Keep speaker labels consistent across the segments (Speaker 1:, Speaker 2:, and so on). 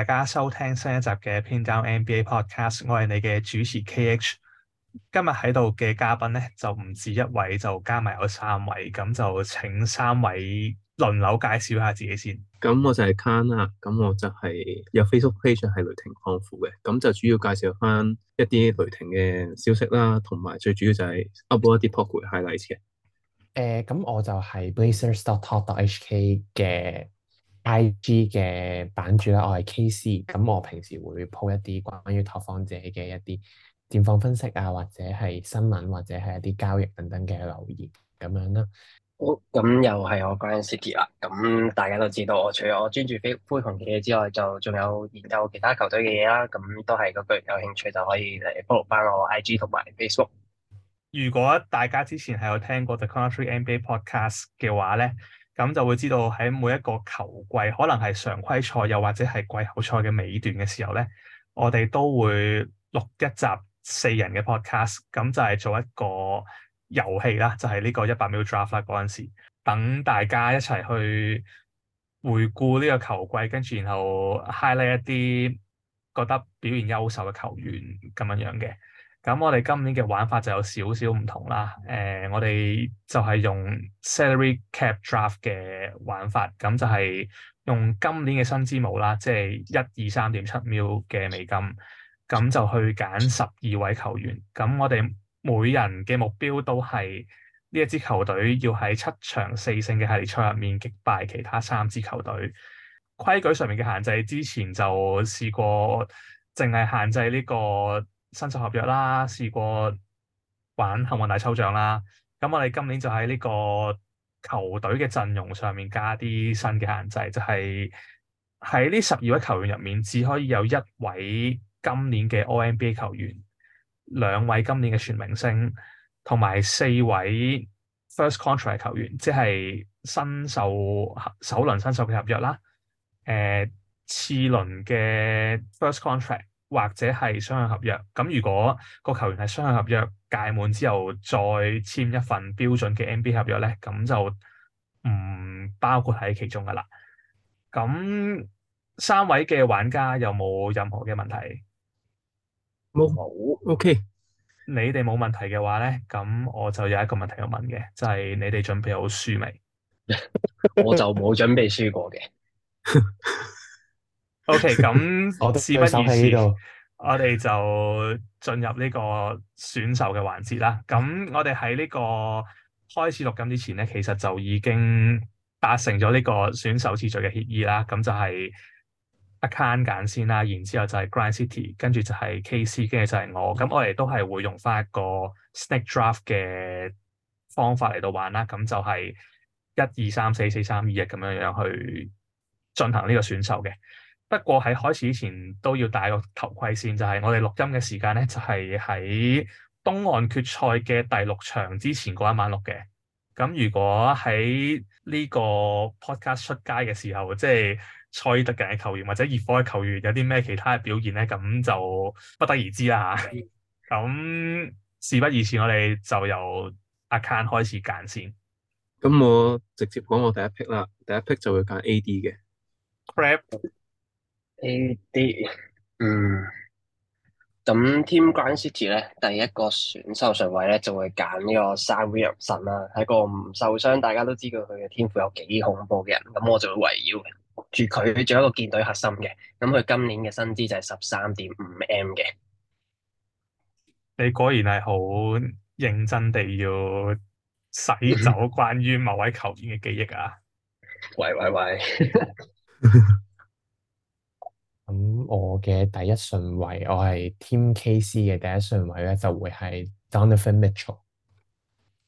Speaker 1: 大家收聽新一集嘅《Pindown NBA Podcast》，我係你嘅主持 KH。今日喺度嘅嘉賓咧就唔止一位，就加埋有三位，咁就請三位輪流介紹下自己先。
Speaker 2: 咁、嗯、我就係 Kan 啦，咁我就係有 Facebook page 係雷霆康護嘅，咁就主要介紹翻一啲雷霆嘅消息啦，同埋最主要就係 upload 一啲 post 係例子嘅。誒、
Speaker 3: 呃，咁我就係 blazers.talk.hk 嘅。I G 嘅版主啦，我係 K C，咁我平時會 po 一啲關於拓荒者嘅一啲戰況分析啊，或者係新聞或者係一啲交易等等嘅留言咁樣啦。好，咁又
Speaker 4: 係我 GrindCity 啦。咁大家都知道我除咗我專注非灰熊嘅嘢之外，就仲有研究其他球隊嘅嘢啦。咁都係嗰句，有興趣就可以嚟 follow 翻我 I G 同埋 Facebook。如果
Speaker 1: 大家之前係有聽過 The Country NBA Podcast 嘅話咧，咁就會知道喺每一個球季，可能係常規賽又或者係季後賽嘅尾段嘅時候咧，我哋都會錄一集四人嘅 podcast，咁就係做一個遊戲啦，就係呢個一百秒 draft 啦嗰陣時，等大家一齊去回顧呢個球季，跟住然後 highlight 一啲覺得表現優秀嘅球員咁樣樣嘅。咁我哋今年嘅玩法就有少少唔同啦。誒、呃，我哋就係用 salary cap draft 嘅玩法，咁就係用今年嘅薪資帽啦，即係一二三點七 M 嘅美金，咁就去揀十二位球員。咁我哋每人嘅目標都係呢一支球隊要喺七場四勝嘅系列賽入面擊敗其他三支球隊。規矩上面嘅限制之前就試過，淨係限制呢、呢個。新秀合約啦，試過玩幸運大抽獎啦。咁我哋今年就喺呢個球隊嘅陣容上面加啲新嘅限制，就係喺呢十二位球員入面，只可以有一位今年嘅 All-NBA 球員，兩位今年嘅全明星，同埋四位 First Contract 球員，即係新秀首輪新秀嘅合約啦。誒、呃，次輪嘅 First Contract。或者係雙向合約，咁如果個球員係雙向合約屆滿之後再簽一份標準嘅 NBA 合約咧，咁就唔包括喺其中噶啦。咁三位嘅玩家有冇任何嘅問題？冇，OK。你哋冇問題嘅話咧，咁我就有一個問題要問嘅，就係、是、你哋準備好輸未？
Speaker 4: 我就冇準備輸過嘅。 OK，咁事不宜遲，
Speaker 1: 我哋就進入呢個選秀嘅環節啦。咁我哋喺呢個開始錄音之前咧，其實就已經達成咗呢個選手次序嘅協議啦。咁就係阿 Kan 揀先啦，然之後就係 GrindCity，跟住就係 KC，跟住就係我。咁我哋都係會用翻一個 snake draft 嘅方法嚟到玩啦。咁就係一二三四四三二一咁樣樣去進行呢個選秀嘅。不過喺開始之前都要戴個頭盔先。就係、是、我哋錄音嘅時間咧，就係、是、喺東岸決賽嘅第六場之前嗰一晚錄嘅。咁如果喺呢個 podcast 出街嘅時候，即係賽爾特人嘅球員或者熱火嘅球員有啲咩其他嘅表現咧，咁就不得而知啦。嚇 咁事不宜遲，我哋就由阿 Kan 開始揀先。
Speaker 2: 咁我直接講我第一 pick 啦，第一 pick 就
Speaker 4: 會揀 A.D. 嘅。Crap. A 啲，AD，嗯，咁 Team GrindCity 咧，第一個選秀順位咧，就會揀呢個 Zion Williamson 啦，係個唔受傷，大家都知道佢嘅天賦有幾恐怖嘅人，咁我就會圍繞住佢做一個建隊核心嘅，咁佢今年嘅薪資就係十三點五 M 嘅。你果然係好認真地
Speaker 1: 要洗走關於某位球員嘅記憶啊！
Speaker 4: 喂 喂喂！喂喂
Speaker 3: 咁我嘅第一順位，我係 Team KC 嘅第一順位咧，就會係 Donovan Mitchell。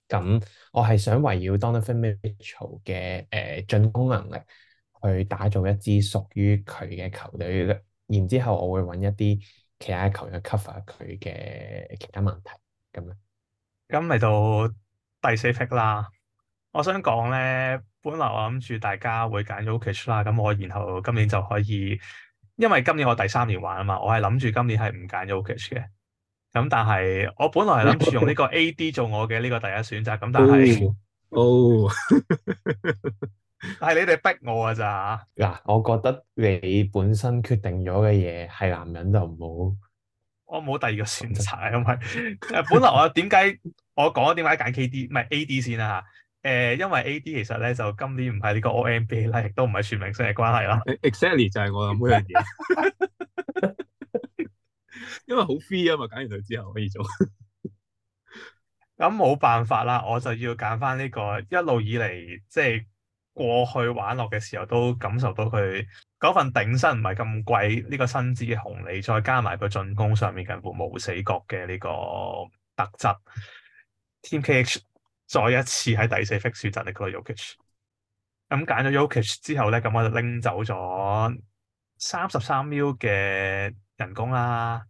Speaker 3: 咁我係想圍繞 Donovan Mitchell 嘅誒、呃、進攻能力，去打造一支屬於佢嘅球隊。然之後，我會揾一啲
Speaker 1: 其他球員去 cover 佢嘅其他問題。咁樣，咁咪到第四 pick 啦。我想講咧，本來我諗住大家會揀咗 Jokic 啦，咁我然後今年就可以。因為今年我第三年玩啊嘛，我係諗住今年係唔揀 Jokic 嘅，咁但係我本來係諗住用呢個 A.D 做我嘅呢個第一選擇，咁但係哦，係、
Speaker 2: oh. oh.
Speaker 1: 你哋逼我啊咋？
Speaker 3: 嗱，yeah, 我覺得你本身決定咗嘅嘢係男人就唔好，
Speaker 1: 我冇第二個選擇啊，因為 本來我點解我講點解揀 K.D 唔係 A.D 先啦吓。誒，因為 A. D. 其實咧就今年唔係呢個 All-NBA 啦，亦都唔係全明星嘅關係啦。Exactly 就係我諗嗰樣嘢， 因為好 free 啊嘛，揀完佢之後可以做。咁冇、嗯、辦法啦，我就要揀翻呢個一路以嚟，即、就、係、是、過去玩落嘅時候都感受到佢嗰份頂薪唔係咁貴，呢、這個薪資嘅紅利，再加埋佢進攻上面近乎冇死角嘅呢個特質。Mm hmm. Team K. H. 再一次喺第四 pick、ok、選擇你個 Jokic、ok、咁揀咗 Jokic 之後咧，咁我就拎走咗三十三 mil 嘅人工啦。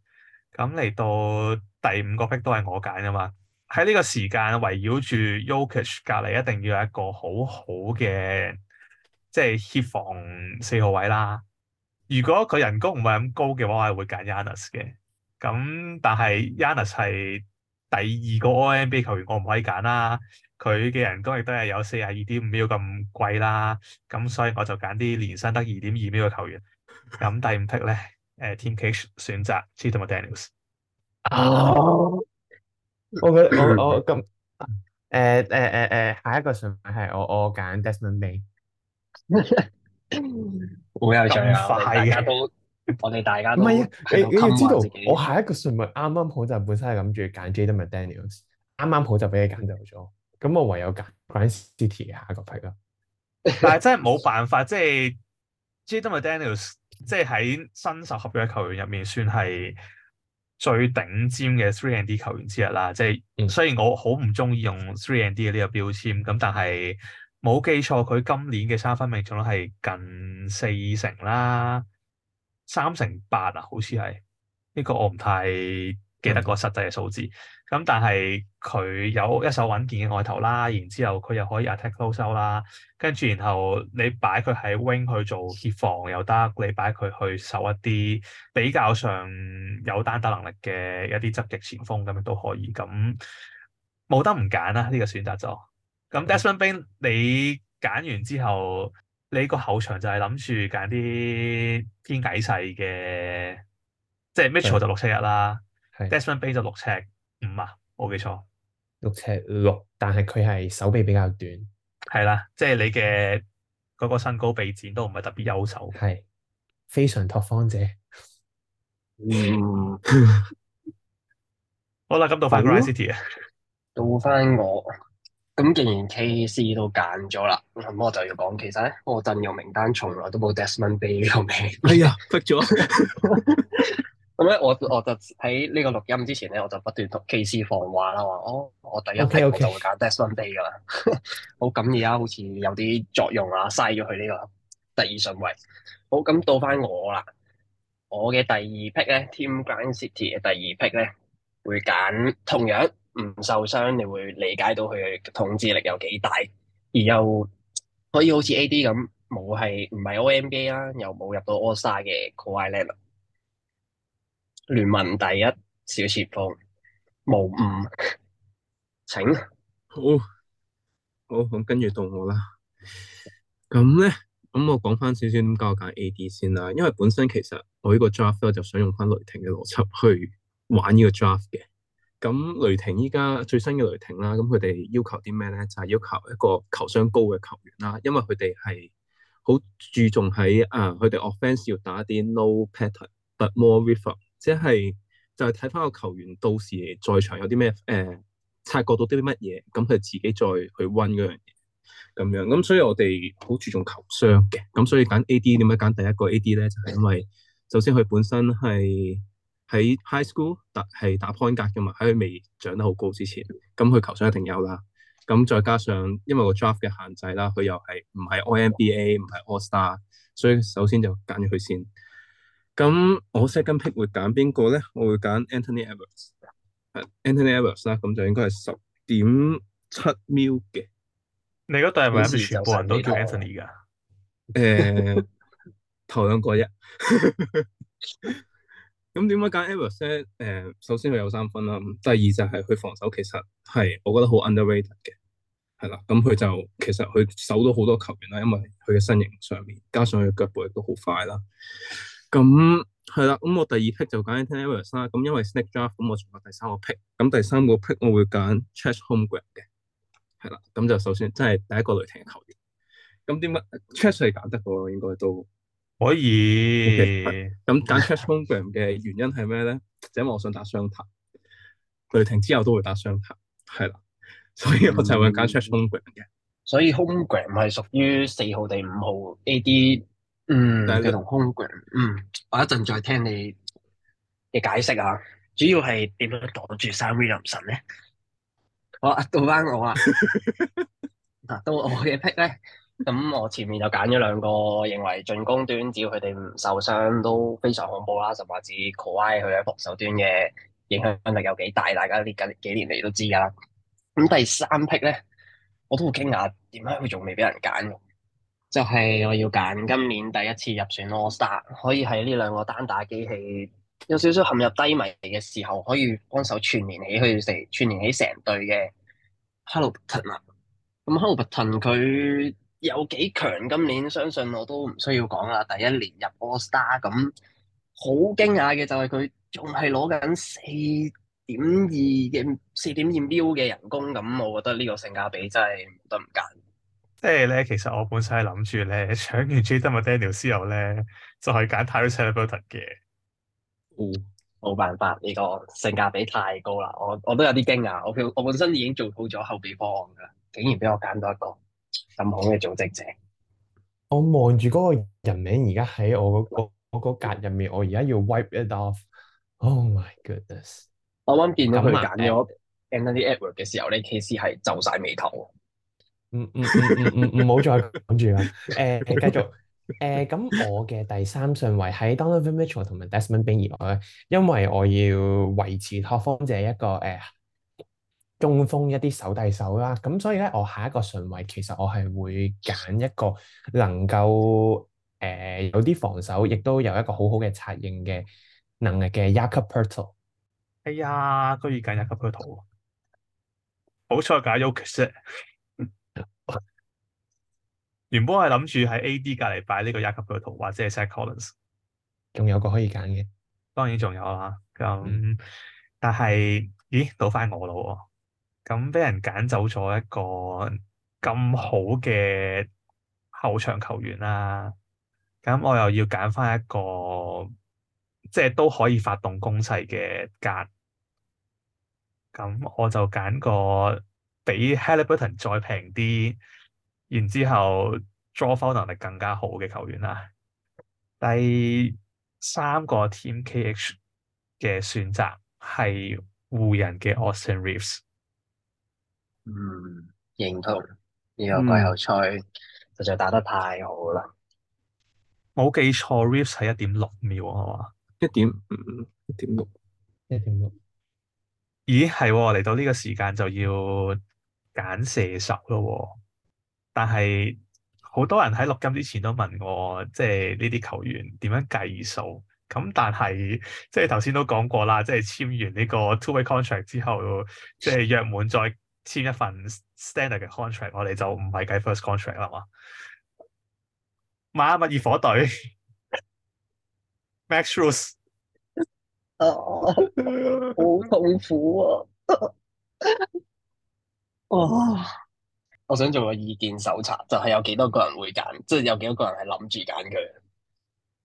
Speaker 1: 咁嚟到第五個 pick 都係我揀噶嘛？喺呢個時間圍繞住 Jokic、ok、隔離，一定要有一個好好嘅，即係協防四號位啦。如果佢人工唔係咁高嘅話，我係會揀 Yannis 嘅。咁但係 Yannis 係。第二個 NBA 球員我唔可以揀啦，佢嘅人工亦都係有四十二點五秒咁貴啦，咁所以我就揀啲年薪得二點二秒嘅球員。咁第五題咧，誒 Team KC 選擇 Chetan Daniels。啊
Speaker 4: Daniel，OK， 哦、我我咁
Speaker 3: 誒誒誒誒，下一個順分選係我我揀 Desmond Bane。
Speaker 4: 快
Speaker 3: 我又再快嘅。
Speaker 4: 我哋大家都唔係啊！你、哎、你知道我
Speaker 3: 下一個順位啱啱好就本身係諗住揀 Jaden McDaniels 啱啱好就俾佢揀走咗。咁我唯有揀 Grind City 下一個批咯。
Speaker 1: 但係真係冇辦法，即、就、係、是、Jaden McDaniels 即係喺新秀合約球員入面算係最頂尖嘅 three and D 球員之一啦。即、就、係、是、雖然我好唔中意用 three and D 呢個標籤，咁但係冇記錯佢今年嘅三分命中率係近四成啦。三成八啊，好似係呢個，我唔太記得個實際嘅數字。咁、嗯、但係佢有一手穩健嘅外投啦，然之後佢又可以 attack 兜收啦，跟住然後你擺佢喺 wing 去做協防又得，你擺佢去守一啲比較上有單打能力嘅一啲執擊前鋒咁樣都可以，咁冇得唔揀啦呢個選擇就。咁、嗯、Desmond Bane，你揀完之後？你個後場就係諗住揀啲偏矮細嘅，即係 Mitchell 就六七一啦，Desmond Bay 就六尺五啊，冇記錯。
Speaker 3: 六尺六，但係佢係手臂比較短。
Speaker 1: 係啦，即係你嘅嗰個身高臂展都唔係特別優秀，係
Speaker 3: 非常拓荒者。
Speaker 4: 好啦，咁到快 GrindCity 啊，到翻我。咁既然 KC 都揀咗啦，咁我就要講，其實咧我陣容名單從來都冇 Desmond Bay 個呢個名，係啊，逼咗。咁咧我我就喺呢個錄音之前咧，我就不斷同 KC 放話啦，話哦，我第一批屋 c k 就會揀 Desmond Bay 噶啦。Okay, okay. 好，咁而家好似有啲作用啊，嘥咗佢呢個第二順位。好，咁到翻我啦，我嘅第二 pick 咧，Team Grand City 嘅第二 pick 咧，會揀同樣，唔受傷，你會理解到佢嘅統治力有幾大，而又可以好似 AD 咁，冇係唔係 All-NBA 啦，又冇入到 All-Star 嘅 Kawhi Leonard 聯盟第一小前鋒，無誤，請好，好咁跟住到我啦。咁咧，
Speaker 2: 咁我講翻少少點解我揀 AD 先啦，因為本身其實我呢個 draft 我就想用翻雷霆嘅邏輯去玩呢個 draft 嘅。咁雷霆依家最新嘅雷霆啦，咁佢哋要求啲咩咧？就係要求一個球商高嘅球員啦，因為佢哋係好注重喺啊，佢哋 offense 要打啲 no pattern but more rhythm 即係就係睇翻個球員到時在場有啲咩誒察覺到啲乜嘢，咁佢自己再去 run 嗰樣嘢咁樣，咁所以我哋好注重球商嘅，咁所以揀 AD 點解揀第一個 AD 咧？就係因為首先佢本身係。喺 high school 打係打 point guard 嘅嘛，喺佢未長得好高之前，咁佢球商一定有啦。咁再加上因為個 draft 嘅限制啦，佢又係唔係 All NBA 唔係 All Star，所以首先就揀咗佢先。咁我 second pick 會揀邊個咧？我會揀 An Anthony Edwards Anthony Edwards 啦。咁就應該係十點七秒嘅。你嗰度係咪全部人都揀 Anthony 噶？
Speaker 4: 誒、 呃，
Speaker 2: 頭兩個啫。 咁點解揀 Everest 咧？誒，首先佢有三分啦，第二就係佢防守其實係我覺得好 underrated 嘅，係啦，咁佢就其實佢守到好多球員啦，因為佢嘅身形上面加上佢嘅腳步亦都好快啦。咁係啦，咁我第二 pick 就揀咗聽 Everest 啦，咁因為 Snake Draft 咁我仲有第三個 pick，咁第三個 pick 我會揀 Chet Holmgren 嘅，係啦，咁就首先即係第一個雷霆嘅球員。咁點解 Chet 係揀得嘅？應該都。可以。咁揀 Chet Holmgren 嘅原因係咩咧？即係 因為我想打雙塔，雷霆之後都會打雙塔，係啦，
Speaker 4: 所以我就會揀 Chet Holmgren 嘅。所以 Holmgren 係屬於四號定五號 A D，嗯。但係你同 Holmgren，嗯，我一陣再聽你嘅解釋啊。主要係點樣擋住 Zion Williamson 咧？我到翻我啊，嗱，到我嘅 pick 咧。 咁、嗯、我前面就揀咗兩個，認為進攻端只要佢哋唔受傷都非常恐怖啦。甚至話止 Kawhi 佢喺防守端嘅影響力有幾大，大家呢幾幾年嚟都知啦。咁、嗯、第三 pick 咧，我都好驚訝點解佢仲未俾人揀？就係、是、我要揀今年第一次入選 All Star，可以喺呢兩個單打機器有少少陷入低迷嘅時候，可以幫手串連起佢成串連起成隊嘅 Haliburton 啊。咁 Haliburton 佢有幾強？今年相信我都唔需要講啦。第一年入 All Star 咁，好驚訝嘅就係佢仲係攞緊四點二嘅四點二 M 嘅人工，咁我覺得呢個性價比真係唔得唔揀。
Speaker 1: 即係咧，其實我本身係諗住咧搶完 g a d Daniel 之後咧，就係揀 Tyler Hamilton 嘅。嗯，
Speaker 4: 冇辦法，呢個性價比太高啦。我我都有啲驚訝，我我本身已經做好咗後備方案噶啦，竟然俾我揀到一個。咁好嘅組織者，
Speaker 2: 我望
Speaker 3: 住嗰個人名，而家喺我嗰個格入面，我而家要 wipe it off。
Speaker 4: Oh my goodness！我啱見到佢揀咗 Anthony Edwards 嘅時候咧，KC 係皺曬眉頭。唔
Speaker 3: 唔唔
Speaker 4: 唔唔唔，唔好再講住啦。誒，繼續
Speaker 3: 誒，咁我嘅第三順位喺 Donald Mitchell 同埋 Desmond Bane 以外咧，因為我要維持拓荒者一個誒。中鋒一啲手遞手啦，啊，咁所以咧，我下一個順位其實我係會揀一個能夠誒、呃、有啲防守，亦都有一個好好嘅策應嘅能力嘅 Jakob Poeltl，哎
Speaker 1: 呀，居然揀 Jakob Poeltl，好彩揀 Ukset。 原本我係諗住喺 AD 隔離擺呢個 Jakob Poeltl 或者係 Zach Collins 仲有個可以揀嘅。當然仲有啦，咁、嗯、但係咦，倒翻我啦。咁畀人揀走咗一個咁好嘅後場球員啦，咁我又要揀翻一個即係都可以發動攻勢嘅格，咁我就揀個比 Halliburton 再平啲，然之後 draw foul 能力更加好嘅球員啦。第三個 Team KH 嘅選擇係湖人嘅 Austin Reeves。
Speaker 4: 嗯，認同呢個季後賽實在打得太好啦！
Speaker 1: 冇記錯，Rips 係一點六秒係嘛？一點五、一點
Speaker 3: 六、一點六。
Speaker 1: 咦，係喎，嚟到呢個時間就要揀射手咯喎。但係好多人喺錄音之前都問我，即係呢啲球員點樣計數？咁但係即係頭先都講過啦，即係簽完呢個 two-way contract 之後，即係約滿再。 簽一份 standard 嘅 contract，我哋就唔係計 first contract 啦嘛。邁阿密熱火隊，Max Strus，
Speaker 4: 啊， 好痛苦啊！啊、 哦，我想做個意見搜查，就係、是、有幾多個人會揀，即、就、係、是、有幾多個人係諗住揀佢。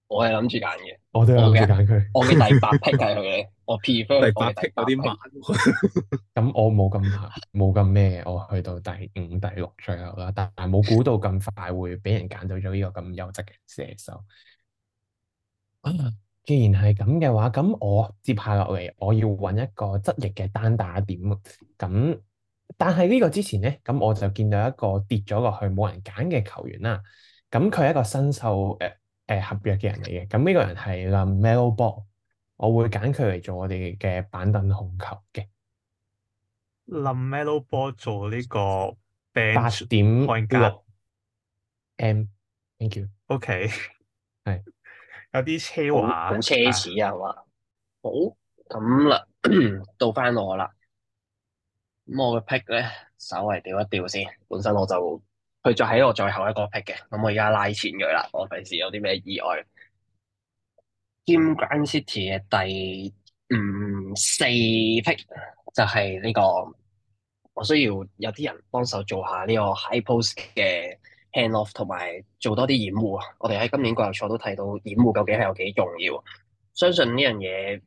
Speaker 4: 我係諗住揀嘅。我都有諗揀佢。我嘅第八 pick 係佢。
Speaker 3: 我 P four 第八啲慢，咁 我冇咁冇咁咩，我去到第五、第六、最後啦，但係冇估到咁快會俾人揀到咗呢個咁優質嘅射手。既然係咁嘅話，咁我接下落嚟我要揾一個側翼嘅單打點。咁但係呢個之前咧，咁我就見到一個跌咗落去冇人揀嘅球員啦。咁佢係一個新秀誒誒合約嘅人嚟嘅。咁呢個人係 LaMelo Ball。我會揀佢嚟,做我哋嘅板凳控球嘅。
Speaker 1: LaMelo Ball 做呢個八
Speaker 3: 點。M，thank you。
Speaker 4: OK，係有啲奢華，好奢侈啊，係嘛？好咁啦，到返我啦。咁、嗯、我嘅 pick 咧，稍微調一調先。本身我就佢再喺我最後一個 pick 嘅，咁我而家拉錢佢啦，我費事有啲咩意外。Team GrindCity 嘅第五四 pick 就係呢、這個，我需要有啲人幫手做下呢個 high post 嘅 hand off，同埋做多啲掩護。我哋喺今年季後賽都睇到掩護究竟係有幾重要。相信呢樣嘢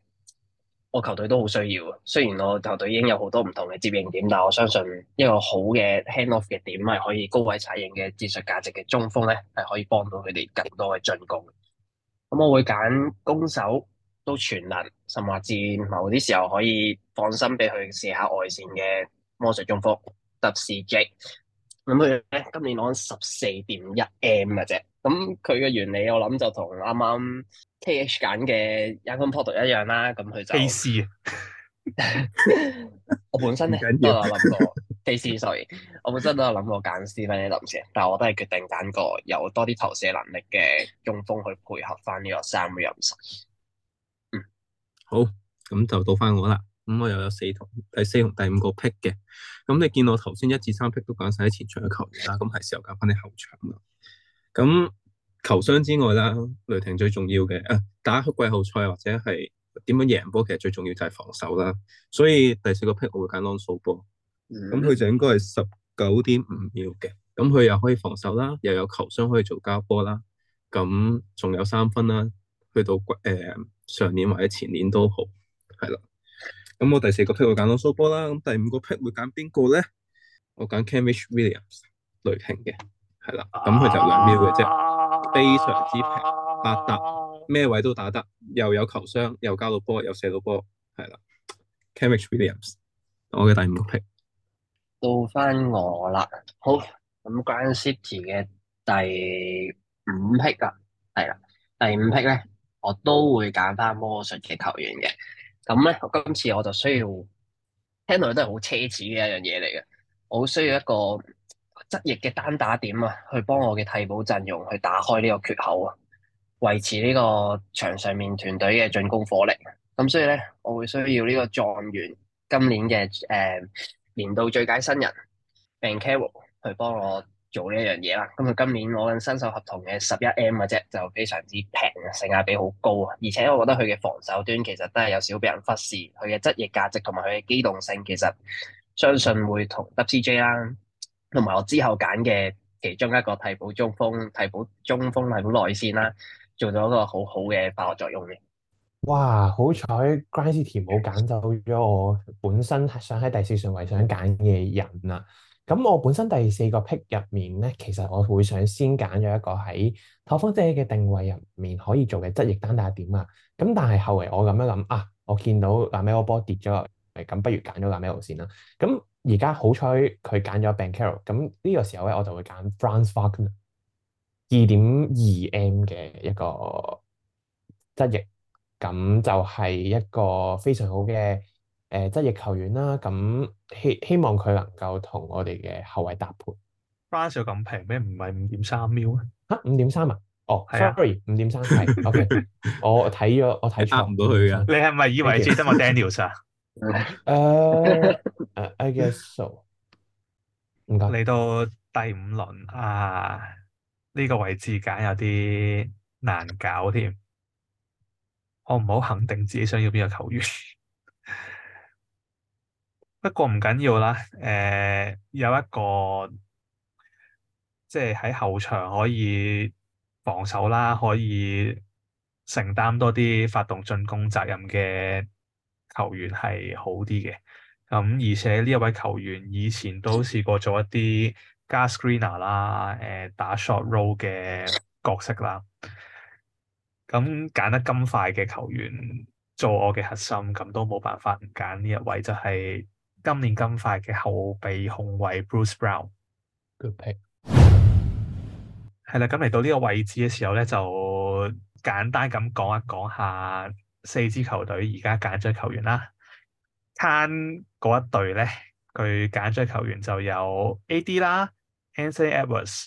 Speaker 4: 我球隊都好需要。雖然我球隊已經有好多唔同嘅接應點，但係我相信一個好嘅 hand off 嘅點，係可以高位策應嘅戰術價值嘅中鋒咧，係可以幫到佢哋更多嘅進攻。咁、嗯、我會揀攻守都全能，甚至某啲時候可以放心俾佢試下外線嘅魔術中鋒，WCJ。咁佢咧今年攞十四點一 M 嘅啫，咁佢嘅原理我諗就同啱啱 KH 揀嘅 Young Paul 都一樣啦。咁、嗯、佢就 AC，市 我本身咧都有諗過，第四，sorry，我本身都有諗過揀司米呢臨時，但係我都係決定揀個有多啲投射能力嘅中鋒去配合翻呢個三個人士。嗯，好，
Speaker 2: 咁就到翻我啦。咁我又有四同第四同第五個 pick 嘅。咁你見我頭先一至三 pick 都揀晒喺前場嘅球員啦，咁係時候揀翻啲後場啦。咁球商之外啦，雷霆最重要嘅啊，打季後賽或者係點樣贏波，其實最重要就係防守啦。所以第四個 pick 我會揀 Lonzo Ball。
Speaker 4: 咁佢、嗯、就應該
Speaker 2: 係十九點五秒嘅，咁佢又可以防守啦，又有球商可以做交波啦，咁仲有三分啦，去到誒、呃、上年或者前年都好，係啦。咁我第四個 pick 會揀到蘇波啦，咁第五個 pick 會揀邊個咧？我揀 Kenrich Williams 雷霆嘅，係啦，咁佢就兩秒嘅啫，非常之平，百搭咩位都打得，又有球商，又交到波，又射到
Speaker 4: 波，係啦
Speaker 2: ，Kenrich Williams 我嘅第五個 pick。
Speaker 4: 到翻我啦，好，咁 Grind City 嘅第五匹啊，係啦，第五匹咧，我都會揀翻魔術嘅球員嘅，咁咧，今次我就需要，聽落去都係好奢侈嘅一樣嘢嚟嘅，我好需要一個質翼嘅單打點啊，去幫我嘅替補陣容去打開呢個缺口啊，維持呢個場上面團隊嘅進攻火力，咁所以咧，我會需要呢個狀元今年嘅誒。呃年度最佳新人 Banchero 去幫我做呢一樣嘢啦，咁佢今年攞緊新手合同嘅十一 M 嘅啫，就非常之平啊，性價比好高啊，而且我覺得佢嘅防守端其實都係有少少俾人忽視，佢嘅質役價值同埋佢嘅機動性，其實相信會同 WCJ 啦，同埋我之後揀嘅其中一個替補中鋒、替補中鋒、替補內線啦，做咗一個好好嘅化學作用嘅。
Speaker 3: 哇，好彩，GrindCity 冇揀走咗我本身想喺第四順位想揀嘅人啊！咁我本身第四個 pick 入面咧，其實我會想先揀咗一個喺拓荒者嘅定位入面可以做嘅質液單打點啊？咁但係後嚟我咁樣諗啊，我見到阿 Melo 波跌咗，係咁不如揀咗阿 Melo 先啦。咁而家好彩佢揀咗 Banchero 咁呢個時候咧，我就會揀 Franz Wagner 二點二 M 嘅一個質液。咁就係一個非常好嘅誒、呃、質力球員啦、啊。咁希希望佢能夠同我哋嘅後衞搭配。
Speaker 1: Franc 又咁平咩？唔係五點三秒咩？嚇，五點三啊？哦啊
Speaker 3: ，sorry，五點三係。 O.K. 我睇咗，我睇錯唔到佢啊。你係咪以為係 Thank you. 只得我
Speaker 1: Daniels 啊？誒、 uh,，I guess so。唔該。嚟到第五輪啊，呢、呢個位置揀有啲難搞添。我唔好肯定自己想要邊個球員， 不過唔緊要啦。誒、呃，有一個即係喺後場可以防守啦，可以承擔多啲發動進攻責任嘅球員係好啲嘅。咁、呃、而且呢一位球員以前都試過做一啲加 screener 啦，誒、呃，打 short roll 嘅角色啦。咁揀得咁快嘅球員做我嘅核心，咁都冇辦法唔揀呢一位，就係、是、今年咁快嘅後備控衛 Bruce Brown。Good pick。係啦，咁嚟到呢個位置嘅時候咧，就簡單咁講一講一下四支球隊而家揀咗球員啦。c 嗰一隊咧，佢揀咗球員就有 AD 啦 a n t o n y Edwards。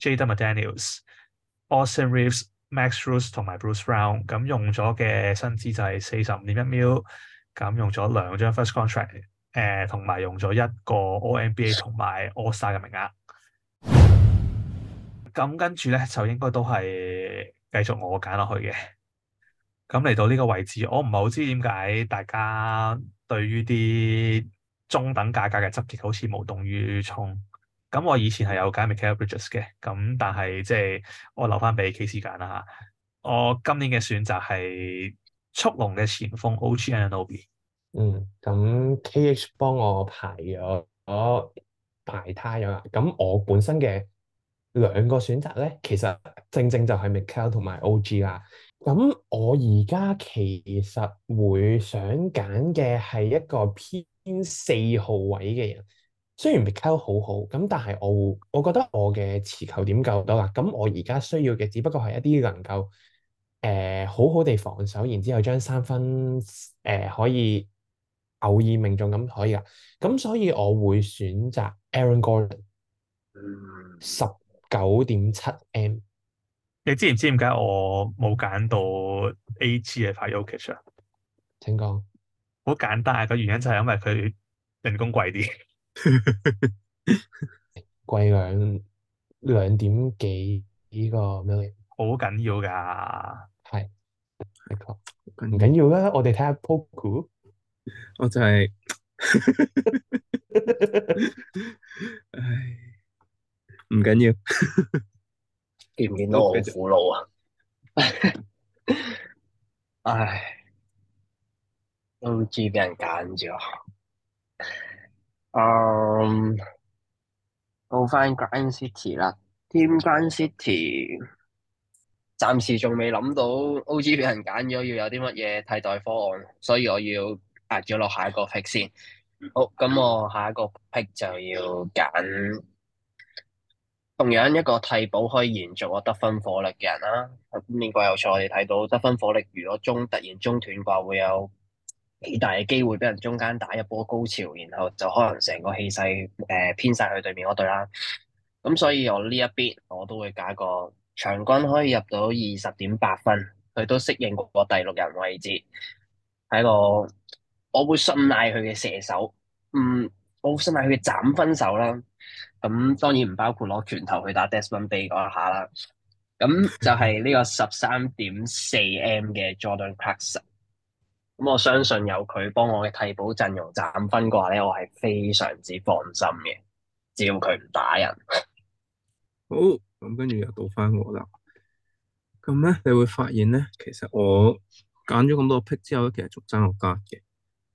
Speaker 1: Jaden McDaniels、Austin Reaves、Max Strus 同埋 Bruce Brown，咁用咗嘅薪資就係四十五點一秒，咁用咗兩張 first contract，誒、呃，同埋用咗一個 All-NBA 同埋 All, All Star 嘅名額。咁跟住咧，就應該都係繼續我揀落去嘅。咁嚟到呢個位置，我唔係好知點解大家對於啲中等價格嘅執球好似無動於衷。咁我以前係有揀 m c k e l e y Bridges 嘅，咁但係即係我留翻俾 K 師揀啦嚇。我今年嘅選擇係速龍嘅前鋒 O.G. and O.B. 嗯，咁 K.H. 幫我排咗我排他咗啦。咁我本身
Speaker 3: 嘅兩個選擇咧，其實正正就係 m c k e l e y 同埋 O.G. 啦。咁我而家其實會想揀嘅係一個偏四號位嘅人。雖然咪溝好好咁，但係我我覺得我嘅持球點夠多啦。咁我而家需要嘅只不過係一啲能夠誒、呃、好好地防守，然之後將三分誒、呃、可以偶爾命中咁可以啦。咁所以我會選擇 Aaron Gordon，十九
Speaker 1: 點七 M。你知唔知點解我冇揀到 AG 嘅排球 catch 啊？請講，好簡單啊！個原因就係因為佢人工貴啲。
Speaker 3: 貴兩兩點幾個 million？好緊要㗎，係對的確，唔緊要啦。我哋睇下 Poku 我就係、
Speaker 2: 是，
Speaker 4: 唉，唔
Speaker 2: 緊要， 見
Speaker 4: 唔見到我嘅苦惱啊？ 唉，都唔知俾人揀咗！ 誒，um, 到翻 GrindCity 啦，Team GrindCity，暫時仲未諗到 O.G. 俾人揀咗，要有啲乜嘢替代方案，所以我要壓咗落下一個 pick 先。好，咁我下一個 pick 就要揀同樣一個替補可以延續我得分火力嘅人啦、啊。今年季後賽我哋睇到得分火力如果中突然中斷嘅話，會有。幾大嘅機會俾人中間打一波高潮，然後就可能成個氣勢誒偏晒去對面嗰隊啦。咁所以我呢一邊我都會揀個場均可以入到二十點八分，佢都適應過第六人位置係一個，我會信賴佢嘅射手。嗯，我信賴佢嘅斬分手啦。咁當然唔包括攞拳頭去打 Desmond Bane 嗰一下啦。咁就係呢個十三點四 m 嘅 Jordan Clarkson。咁我相信有佢幫我嘅替補陣容斬分嘅話咧，我係非常之放心嘅。只要佢唔打人，
Speaker 2: 好。咁跟住又到翻我啦。咁咧你會發現咧，其實我揀咗咁多個 pick 之後，其實仲爭個 Guard 嘅。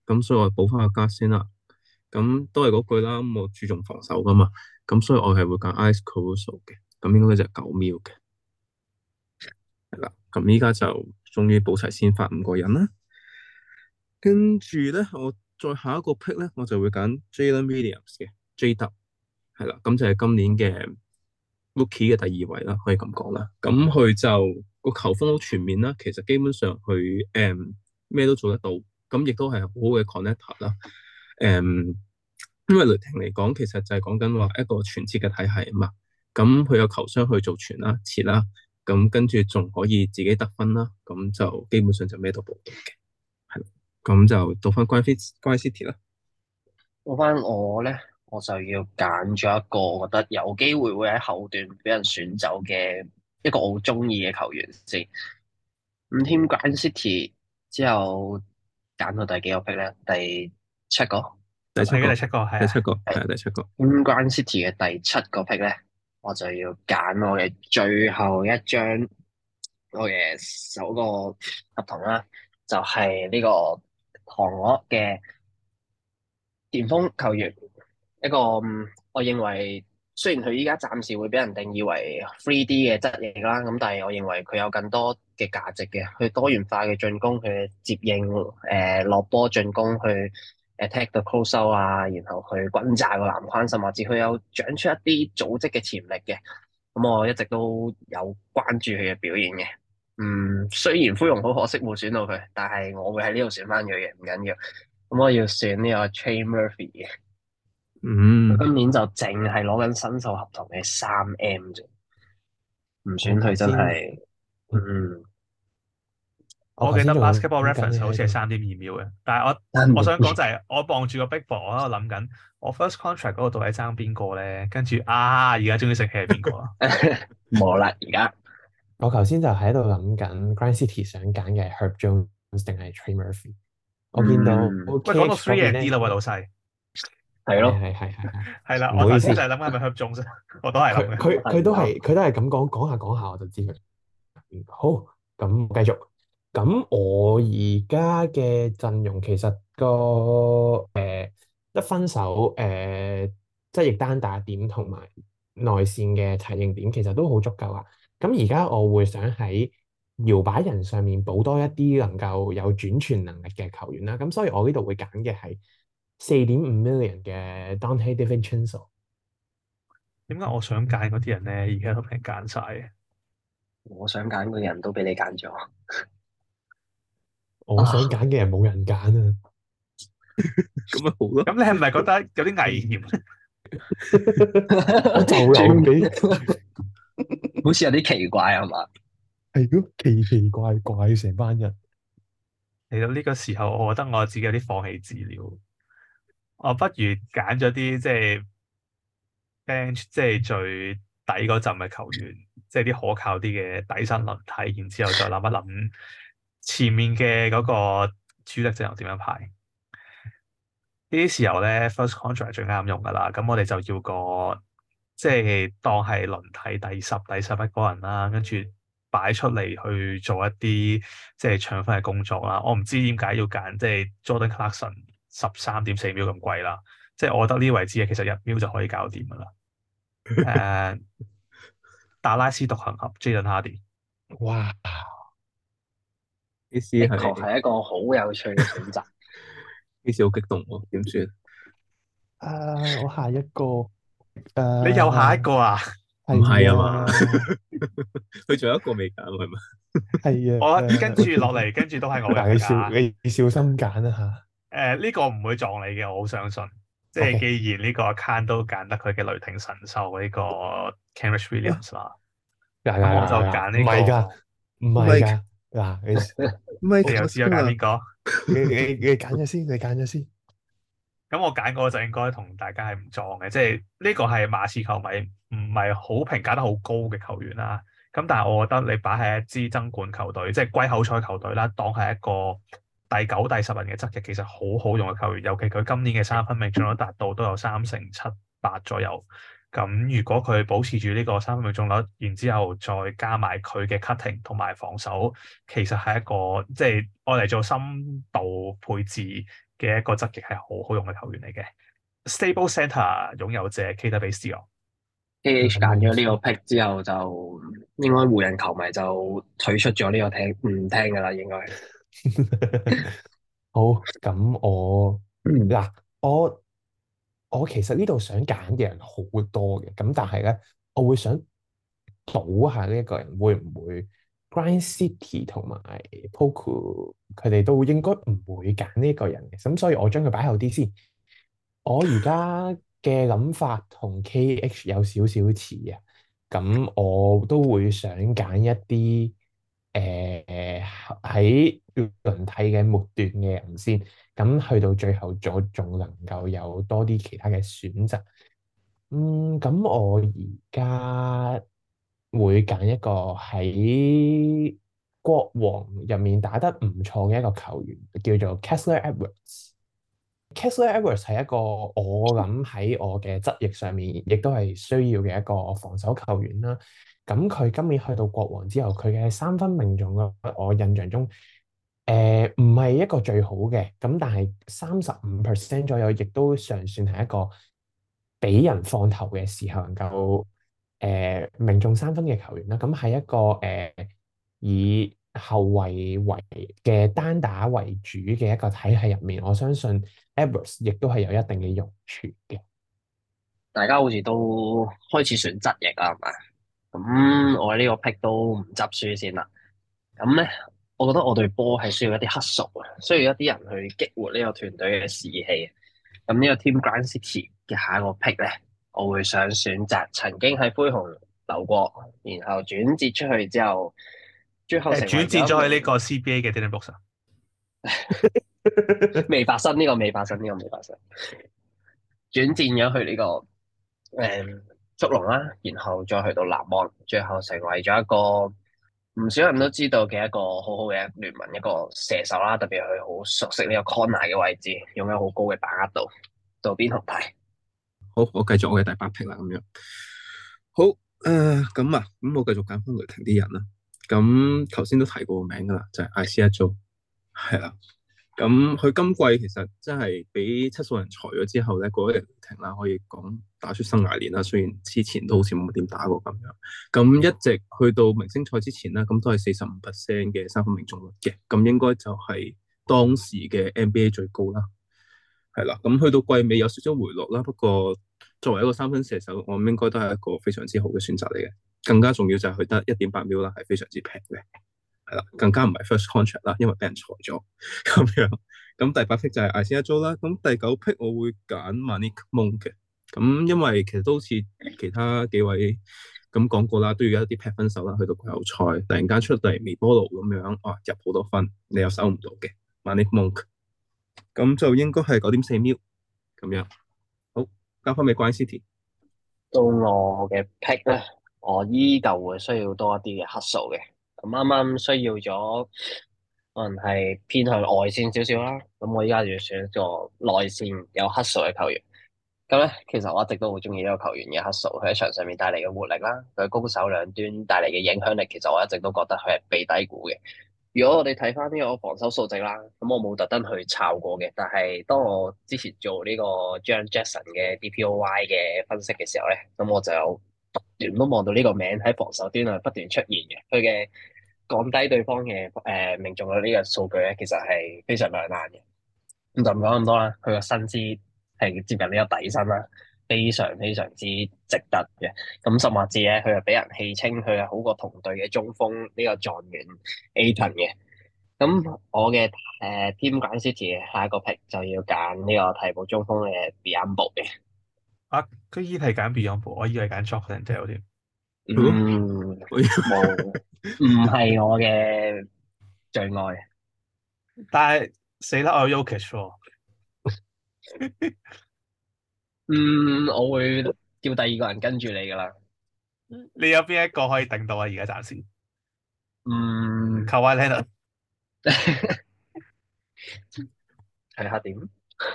Speaker 2: 咁所以我補翻個 Guard 先啦。咁都係嗰句啦，咁我注重防守噶嘛，咁所以我係會揀 Alex Caruso 嘅。咁應該嗰隻九秒嘅係啦。咁依家就終於補齊先發五個人啦。跟住咧，我再下一個 pick 咧，我就會揀 Jalen Williams 嘅 JW 係啦，咁就係今年嘅 Rookie 嘅第二位啦，可以咁講啦。咁佢就個球風好全面啦，其實基本上佢誒咩都做得到，咁亦都係好好嘅 connector 啦、嗯。誒，因為雷霆嚟講，其實就係講緊話一個傳切嘅體系啊嘛。咁佢有球商去做傳啦、切啦，咁跟住仲可以自己得分啦，咁就基本上就咩都做到嘅。咁就讀翻 GrindCity 啦。
Speaker 4: 讀翻我咧，我就要揀咗一個我覺得有機會會喺後段俾人選走嘅一個我好中意嘅球員先。咁 Team GrindCity 之後揀到第幾個 pick 咧？第七個，第七個、第七個，係第七個，係第七個。Team GrindCity 嘅第七個 pick 咧，我就要揀我嘅最後一張我嘅首個合同啦，就係呢個。唐樂嘅巔峰球員，一個我認為，雖然佢依家暫時會俾人定義為 three D 嘅質型啦，咁但係我認為佢有更多嘅價值嘅，佢多元化嘅進攻，佢接應誒、呃、落波進攻，去 attack the closeout 啊，然後去轟炸個籃筐，甚至佢有長出一啲組織嘅潛力嘅，咁我一直都有關注佢嘅表現嘅。嗯，雖然灰熊好可惜冇選到佢，但係我會喺呢度選翻佢嘅，唔緊要。咁我要選呢個 Trey Murphy 嘅。嗯，今年就淨係攞緊新秀合同嘅三 M 啫。唔選佢真係，嗯。嗯，我記得 Basketball Reference 好似係
Speaker 1: 三點二秒嘅，但係我 2. 我想講就係、是、我望住個 big board 我喺度諗緊，我 first contract 嗰個到底爭邊個咧？跟住啊，而家中意食
Speaker 4: 氣係邊個啊？冇啦， 而家。
Speaker 3: 我頭先就喺度諗緊 GrindCity 想揀嘅係 Herb Jones 定係 Trey Murphy。嗯、
Speaker 4: 我見到喂，講個 three D 啲啦，
Speaker 1: 喂老細闆，係咯了，係係係係，係啦。我頭先就諗緊係 Herb Jones 啫，我都係諗嘅佢佢都係，
Speaker 3: 佢都係咁講，講下講下我就知佢。好，咁繼續。咁我而家嘅陣容其實個誒一、呃、分手誒、呃、即係單打點同埋內線嘅體型點，其實都好足夠啊。咁而家我會想喺搖擺人上面補多一啲能夠有轉傳能力嘅球員啦，咁所以我呢度會揀嘅係四點五 million 嘅 Donte DiVincenzo。
Speaker 1: 點
Speaker 3: 解我想揀
Speaker 4: 嗰啲人咧，而
Speaker 1: 家都俾人揀曬？
Speaker 4: 我想揀嘅人都俾你揀咗。
Speaker 1: 我想揀嘅人冇人揀啊！咁咪好咯？咁你係唔係覺得有啲危險？就咁俾。好似有啲奇怪係嘛？
Speaker 3: 係咯，奇奇怪怪成班人
Speaker 1: 嚟到呢個時候，我覺得我自己有啲放棄治療。我不如揀咗啲即係 bench，即係最底嗰陣嘅球員，即係啲可靠啲嘅底薪輪替，然之後再諗一諗前面嘅嗰個主力陣容點樣排？呢啲時候咧，first contract 係最啱用㗎啦。咁我哋就要個。即係當係輪替第十、第十一個人啦，跟住擺出嚟去做一啲即係搶分嘅工作啦。我唔知點解要揀即係 Jordan Clarkson 十三點四秒咁貴啦。即係我覺得呢個位置其實一秒就可以搞掂噶啦。誒、uh， 達拉斯獨行俠 Jaden Hardy，
Speaker 4: 哇！
Speaker 2: 呢次確
Speaker 4: 係一個好有趣嘅選擇。呢
Speaker 2: 次好激動喎，點算？
Speaker 3: 啊，uh, 我下一個。你有下一個
Speaker 2: 啊？唔係啊嘛，佢仲有一個未揀係嘛？
Speaker 3: 係啊，我跟住落
Speaker 1: 嚟，跟住都係我揀。你
Speaker 3: 小心揀啊
Speaker 1: 吓！誒，呢個唔會撞你嘅，我好相信。即係既然呢個 Kan 都揀得佢嘅雷霆神獸呢個 Cambridge Williams 啦，咁我就揀呢個。唔係噶，唔係噶嗱，你你又知我揀呢個？
Speaker 3: 你你你揀咗先，你揀咗先。
Speaker 1: 咁我揀個就應該同大家係唔撞嘅，即係呢個係馬刺球迷唔係好評價得好高嘅球員啦。咁但係我覺得你擺喺一支爭冠球隊，即係季後賽球隊啦，當係一個第九、第十人嘅質嘅，其實好好用嘅球員。尤其佢今年嘅三分命中率達到都有三成七八左右。咁如果佢保持住呢個三分命中率，然之後再加埋佢嘅 cutting 同埋防守，其實係一個即係愛嚟做深度配置。嘅一個質極係好好用
Speaker 4: 嘅球員嚟嘅，stable center 擁有者 Kade B. C. H. 揀咗呢個 pick 之後就，就應該湖人球迷就退出咗呢個聽唔聽㗎喇，應該。
Speaker 3: 好，咁我嗱， 我我其實呢度想揀嘅人好多嘅，咁但係咧，我會想賭下呢一個人會唔會？Grind City 同埋 Poku 佢哋都應該唔會揀呢一個人嘅，咁所以我將佢擺後啲先。我而家嘅諗法同 KH 有少少似啊，咁我都會想揀一啲誒喺輪替嘅末段嘅人先，咁去到最後仲仲能夠有多啲其他嘅選擇。嗯，咁我而家，會揀一個喺國王入面打得唔錯嘅一個球員，叫做 Kessler Edwards。Kessler Edwards 係一個我諗喺我嘅側翼上面，亦都係需要嘅一個防守球員啦。咁佢今年去到國王之後，佢嘅三分命中嘅我印象中，誒唔係一個最好嘅，咁但係三十五 percent 左右亦都尚算係一個俾人放頭嘅時候能夠。誒命，呃、中三分嘅球員啦，咁係一個誒，呃、以後衛為嘅單打為主嘅一個體系入面，我相信 Evers 亦都係有一定嘅用處嘅。
Speaker 4: 大家好似都開始選質型啦，係嘛？咁我個呢個 pick 都唔執輸先啦。咁咧，我覺得我對波係需要一啲 hustle 啊，需要一啲人去激活呢個團隊嘅士氣。咁呢個 Team GrindCity 嘅下一個 pick 咧？我會想選擇曾經喺灰熊留過，然後轉戰出去之後，最後轉戰咗去呢個
Speaker 1: CBA 嘅 Dillon Brooks 啊！
Speaker 4: 未 發生呢、這個，未發生呢、這個，未發生。轉戰咗去呢、這個誒，祝、嗯、龍啦，然後再去到籃網，最後成為咗一個唔少人都知道嘅一個好好嘅聯盟一個射手啦。特別係佢好熟悉呢個 corner 嘅位置，擁有好高嘅把握度。道邊紅牌。
Speaker 2: 好，我繼續我嘅第八 pick 啦，咁樣好誒，咁、呃、啊，咁我繼續揀返雷霆啲人啦。咁頭先都提過個名噶啦，就係 Isaiah Joe，係啦。咁佢今季其實真係俾七六人裁咗之後咧，過咗雷霆啦，可以講打出生涯年啦。雖然之前都好似冇點打過咁樣，咁一直去到明星賽之前咧，咁都係四十五 percent 嘅三分命中率嘅，咁應該就係當時嘅 NBA 最高啦。係啦，咁去到季尾有少少回落啦，不過作為一個三分射手，我諗應該都係一個非常之好嘅選擇嚟嘅。更加重要就係佢得一點八秒啦，係非常之平嘅。係啦，更加唔係 first contract 啦，因為俾人裁咗咁樣。咁第八 pick 就係 Isaiah Joe 啦。咁第九 pick 我會揀 Malik Monk 嘅。咁因為其實都好似其他幾位咁講過啦，都要有一啲 p 劈分手啦，去到季後賽突然間出嚟微波爐咁樣，哇、啊、入好多分，你又收唔到嘅 Malik Monk。咁就應該係九點四秒咁樣。好，交翻俾 Grind City。
Speaker 4: 到我嘅 pick 咧，我依舊會需要多一啲嘅黑數嘅。咁啱啱需要咗，可能係偏向外線少少啦。咁我依家就要選一個內線有黑數嘅球員。咁咧，其實我一直都好中意呢個球員嘅黑數，佢喺場上面帶嚟嘅活力啦，佢喺攻守兩端帶嚟嘅影響力，其實我一直都覺得佢係被低估嘅。如果我哋睇翻呢個防守數值啦，咁我冇特登去抄過嘅，但係當我之前做呢個 Jaren Jackson 嘅 DPOY 嘅分析嘅時候咧，咁我就不斷都望到呢個名喺防守端啊不斷出現嘅，佢嘅降低對方嘅誒命中率呢個數據咧，其實係非常亮眼嘅。咁就唔講咁多啦，佢個薪資係接近呢個底薪啦。非常非常之值得嘅，咁甚至咧，佢又俾人戲稱佢係好過同隊嘅中鋒呢，這個狀元 Ayton 嘅。咁我嘅誒、呃、team GrindCity 下一個 pick 就要揀呢個替補中鋒嘅 Biyombo 嘅。
Speaker 1: 啊，佢依題揀 Biyombo，我以為揀 Jock Landale 添。嗯，
Speaker 4: 冇， 唔係我嘅最愛。 但係死得我有 Jokic 嗯，我會叫第二個人跟住你噶啦。你有邊一個可以定到啊？而家暫時，嗯，
Speaker 2: 求下 Leon，
Speaker 4: 睇下點。 看
Speaker 3: 看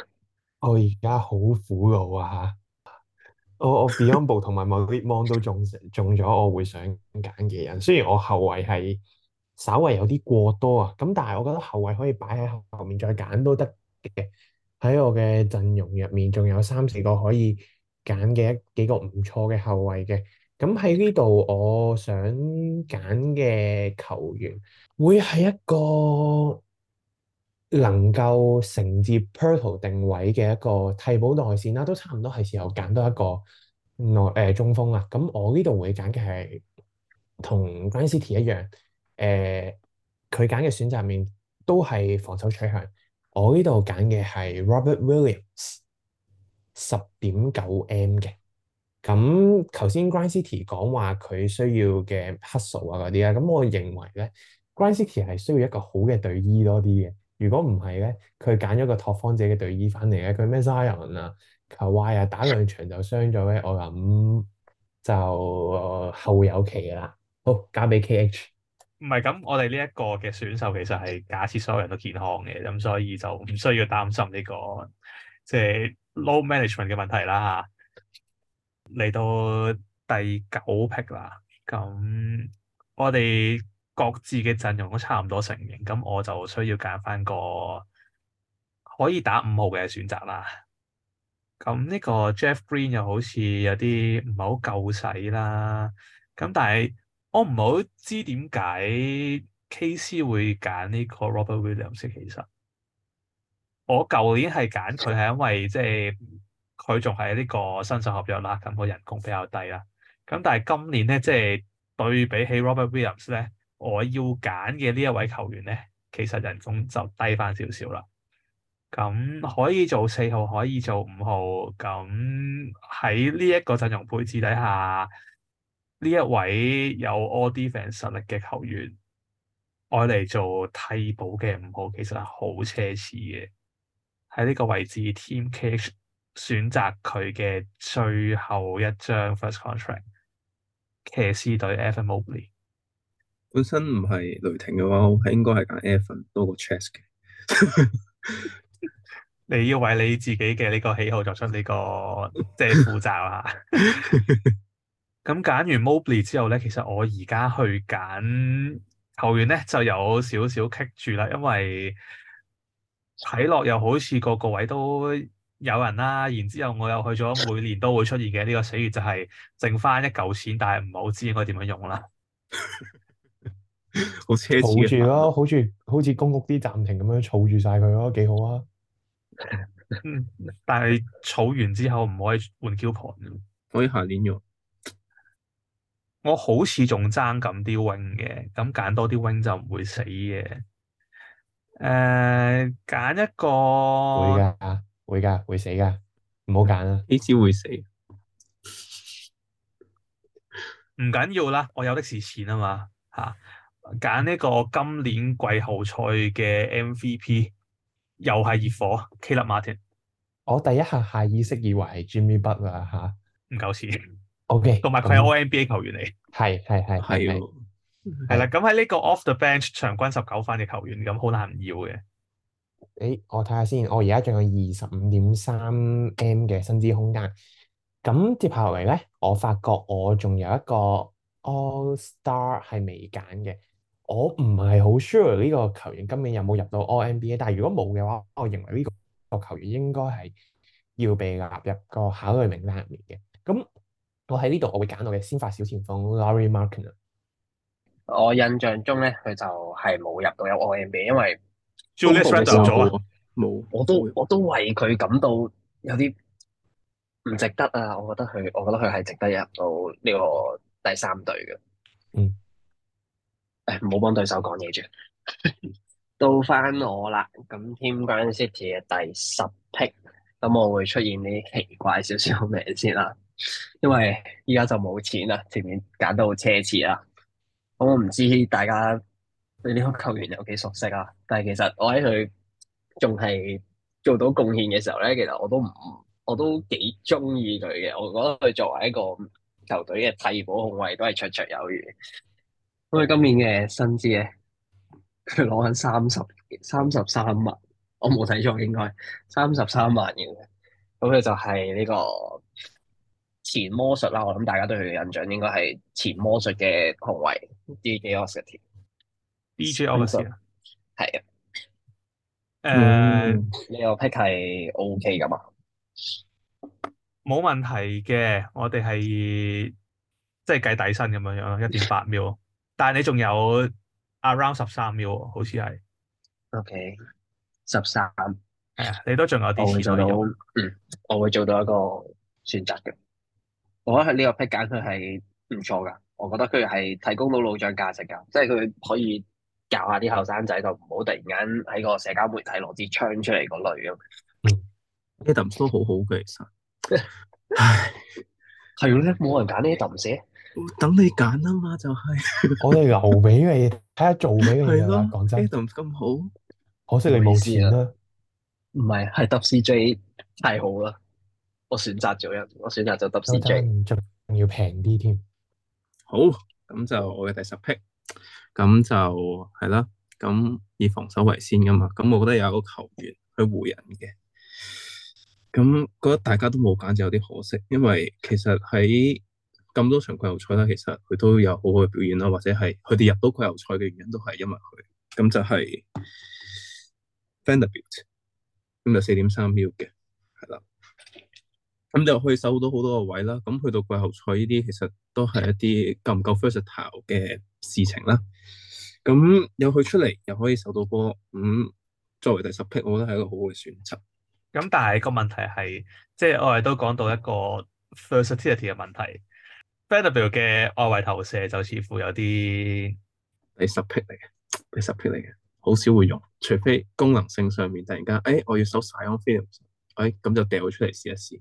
Speaker 3: 我而家好苦惱啊！我我 Beyond 同埋 Milton 都中中咗，我會想揀嘅人。雖然我後衛係稍為有啲過多啊，咁但係我覺得後衛可以擺喺後面再揀都得嘅。喺我嘅陣容入面，仲有三四個可以揀嘅一幾個唔錯嘅後衛嘅。咁喺呢度，我想揀嘅球員會係一個能夠承接 portal 定位嘅一個替補內線啦、啊，都差唔多係時候揀到一個內誒、呃、中鋒啊。咁我呢度會揀嘅係同 GrindCity 一樣，誒佢揀嘅選擇面都係防守取向。我呢度揀嘅係 Robert Williams 十點九 M 嘅。咁頭先 GrindCity 講話佢需要嘅 hustle 啊嗰啲啊，咁我認為咧 GrindCity 係需要一個好嘅隊醫多啲嘅。如果唔係咧，佢揀咗個拓荒者嘅隊醫返嚟咧，佢咩 Zion 啊、Kawhi 打兩場就傷咗咧，我諗就後有期啦。好，交俾 KH。
Speaker 1: 唔係咁，我哋呢一個嘅選手其實係假設所有人都健康嘅，咁所以就唔需要擔心呢、這個即係 load management 嘅問題啦嚇。嚟到第九 pick 啦，咁我哋各自嘅陣容都差唔多成型，咁我就需要揀翻個可以打五號嘅選擇啦。咁呢個 Jeff Green 又好似有啲唔係好夠使啦，咁但係。我唔係好知點解 KC 會揀呢個 Robert Williams。其實我舊年係揀佢係因為即係佢仲係呢個新秀合約啦，咁個人工比較低啦。咁但係今年咧，即係對比起 Robert Williams 咧，我要揀嘅呢一位球員咧，其實人工就低翻少少啦。咁可以做四號，可以做五號。咁喺呢一個陣容配置底下。呢一位有 all defense 實力嘅球員，愛嚟做替補嘅五號，其實係好奢侈嘅。喺呢個位置，Team KH 選擇佢嘅最後一張 first contract，騎士隊 Evan Mobley。
Speaker 2: 本身唔係雷霆嘅話，我係應該係揀 Evan 多過 Chase 嘅。你要為你自己嘅呢
Speaker 1: 個喜好作出呢、這個即係、就是、負責啦。 咁揀完 Mobley 之後咧，其實我而家去揀球員咧，就有少少棘住啦。因為睇落又好似個個位都有人啦，然之後我又去咗每年都會出現嘅呢、呢個死月，就係剩翻一嚿錢，但係唔 好知應該點樣用啦。儲住
Speaker 3: 咯，好似好似公屋啲暫停咁樣儲住晒佢咯，幾好
Speaker 1: 啊！ 但係儲完之後唔可以換 coupon，可以下年用。我好似仲爭咁啲 wing 嘅，咁揀多啲 wing 就唔會死嘅。誒，揀一個會噶會噶會死噶，
Speaker 3: 唔好揀啦。呢支會死，
Speaker 1: 唔緊要啦。我有的是錢嘛啊嘛吓，揀呢個今年季後賽嘅 MVP 又係熱火 Caleb Martin。我第一
Speaker 3: 下下意識以為係 Jimmy Butler 啊啦吓，
Speaker 1: 唔夠錢。
Speaker 3: O.K.，同埋佢係 All-NBA 球員嚟，係係係
Speaker 1: 係係啦。咁喺呢個 Off the Bench，場均十九分嘅球員咁好難唔要嘅。誒、
Speaker 3: 欸，我睇下先，我而家仲有二十五點三 M 嘅薪資空間。咁接下嚟咧，我發覺我仲有一個 All Star 係未揀嘅，我唔係好 sure 呢個球員今年有冇入到 All-NBA，但係如果冇嘅話，我認為呢個球員應該係要被納入個考慮名單入面嘅。咁。我喺呢度，我會揀我嘅先發小前鋒 Larry Martin。
Speaker 4: 我印象中咧，佢就係冇入到有 All-NBA，因為都折咗，冇。我都我都為佢感到有啲唔值得啊！我覺得佢，我覺得佢係值得入到呢個第三隊嘅。嗯。誒，唔好幫對手講嘢住。 到翻我啦，咁 Team GrindCity 嘅第十 pick，咁我會出現啲奇怪少少名先啦。因為依家就冇錢啦，前面揀到好奢侈啦。咁、嗯嗯、我唔知大家對呢個球員有幾熟悉啊。但係其實我喺佢仲係做到貢獻嘅時候咧，其實我都唔，我都幾中意佢嘅。我覺得佢作為一個球隊嘅替補控衛都係綽綽有餘。咁佢今年嘅薪資咧，佢攞緊三十三十三萬，我冇睇錯，應該三十三萬嘅。咁佢就係呢、這個。前魔術啦，我諗大家對佢嘅印象應該係前魔術嘅後衛，DJ 奧斯嘅 DJ 奧斯係啊，誒，你個 pick 係 O K 㗎嘛？
Speaker 1: 冇問題嘅，我哋係即係計底薪咁樣樣咯，一點八秒， 但係你仲有 around 十三秒，好似係
Speaker 4: ，O K，十三係啊，okay, 13.
Speaker 1: yeah, 你都仲有啲時間，嗯，
Speaker 4: 我會做到一個選擇嘅。我覺得呢個 pick 揀佢係唔錯噶，我覺得佢係提供到老將價值噶，即係佢可以教下啲後生仔就唔好突然間喺個社交媒體攞支槍出嚟嗰類咯。Adam 都好好嘅，其實，唉，係咧，冇人揀呢啲頭蛇，
Speaker 3: 等你揀啊嘛，就係、是、 我哋留俾你睇下做俾你啊，講 了真，Adam
Speaker 4: 咁好，可惜你冇錢啦，唔係係得 CJ 太好啦、啊。我選擇咗一，我選擇就揼 CJ
Speaker 2: 仲
Speaker 3: 要平啲添。
Speaker 2: 好，咁就我嘅第十 pick 咁就係啦。咁以防守為先噶嘛，咁我覺得有一個球員喺湖人嘅，咁覺得大家都冇揀就有啲可惜。因為其實喺咁多場季後賽啦，其實佢都有好好嘅表現啦，或者係佢哋入到季後賽嘅原因都係因為佢。咁就係 Vanderbilt，咁就四點三秒嘅，係啦。咁就、嗯、可以守到好多個位啦。咁、嗯、去到季後賽呢啲，其實都係一啲夠唔夠 versatility 嘅事情啦。咁有佢出嚟又可以守到波，咁、嗯、作為第十 pick 我覺得係一個好好嘅選擇。咁、嗯、但係個問題係，
Speaker 1: 即係我哋都講到一個 versatility 嘅問題 Benavide 嘅外
Speaker 2: 圍投射就似乎有啲第十 pick 嚟嘅，第十 pick 嚟嘅，好少會用，除非功能性上面突然間誒、哎、我要守 side on field 誒咁就掉出嚟試一試。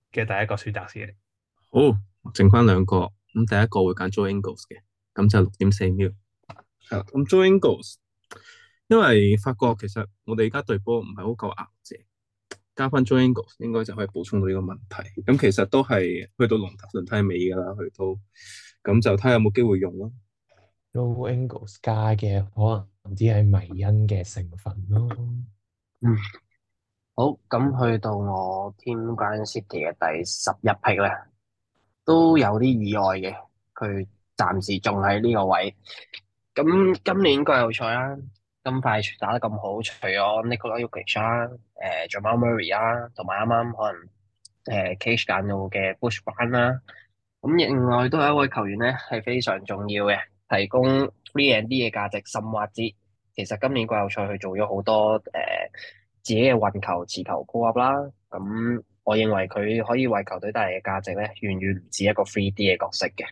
Speaker 2: 嘅第一個選擇先，嚟好，剩翻兩個，咁第一個會揀 Joe Ingles 嘅，咁就六點四秒，係，咁 Joe Ingles，因為發覺其實我哋而家對波唔係好夠硬淨，加翻 Joe Ingles 應該就可以補充到呢個問題，咁其實都係去到輪踏輪胎尾㗎啦，去到。咁就睇下有冇機會用
Speaker 4: 咯
Speaker 3: ，Joe Ingles 加嘅可能唔知係迷因嘅成分
Speaker 4: 咯，嗯。Mm. 好，咁去到我 Team GrindCity 嘅第十一 pick 都有啲意外嘅，佢暫時仲喺呢個位。咁今年季後賽啦，金塊打得咁好，除咗 Nikola Jokic、呃、s h a n 誒 Jamal Murray 啊，同埋啱啱可能誒、呃、KC 揀到嘅 Bushman 啦，咁另外都有一位球員咧係非常重要嘅，提供3 and D 嘅價值。甚或之。其實今年季後賽佢做咗好多誒。呃自己嘅運球、持球、高 up 啦，咁我認為佢可以為球隊帶嚟嘅價值咧，遠遠唔止一個 three D 嘅角色嘅。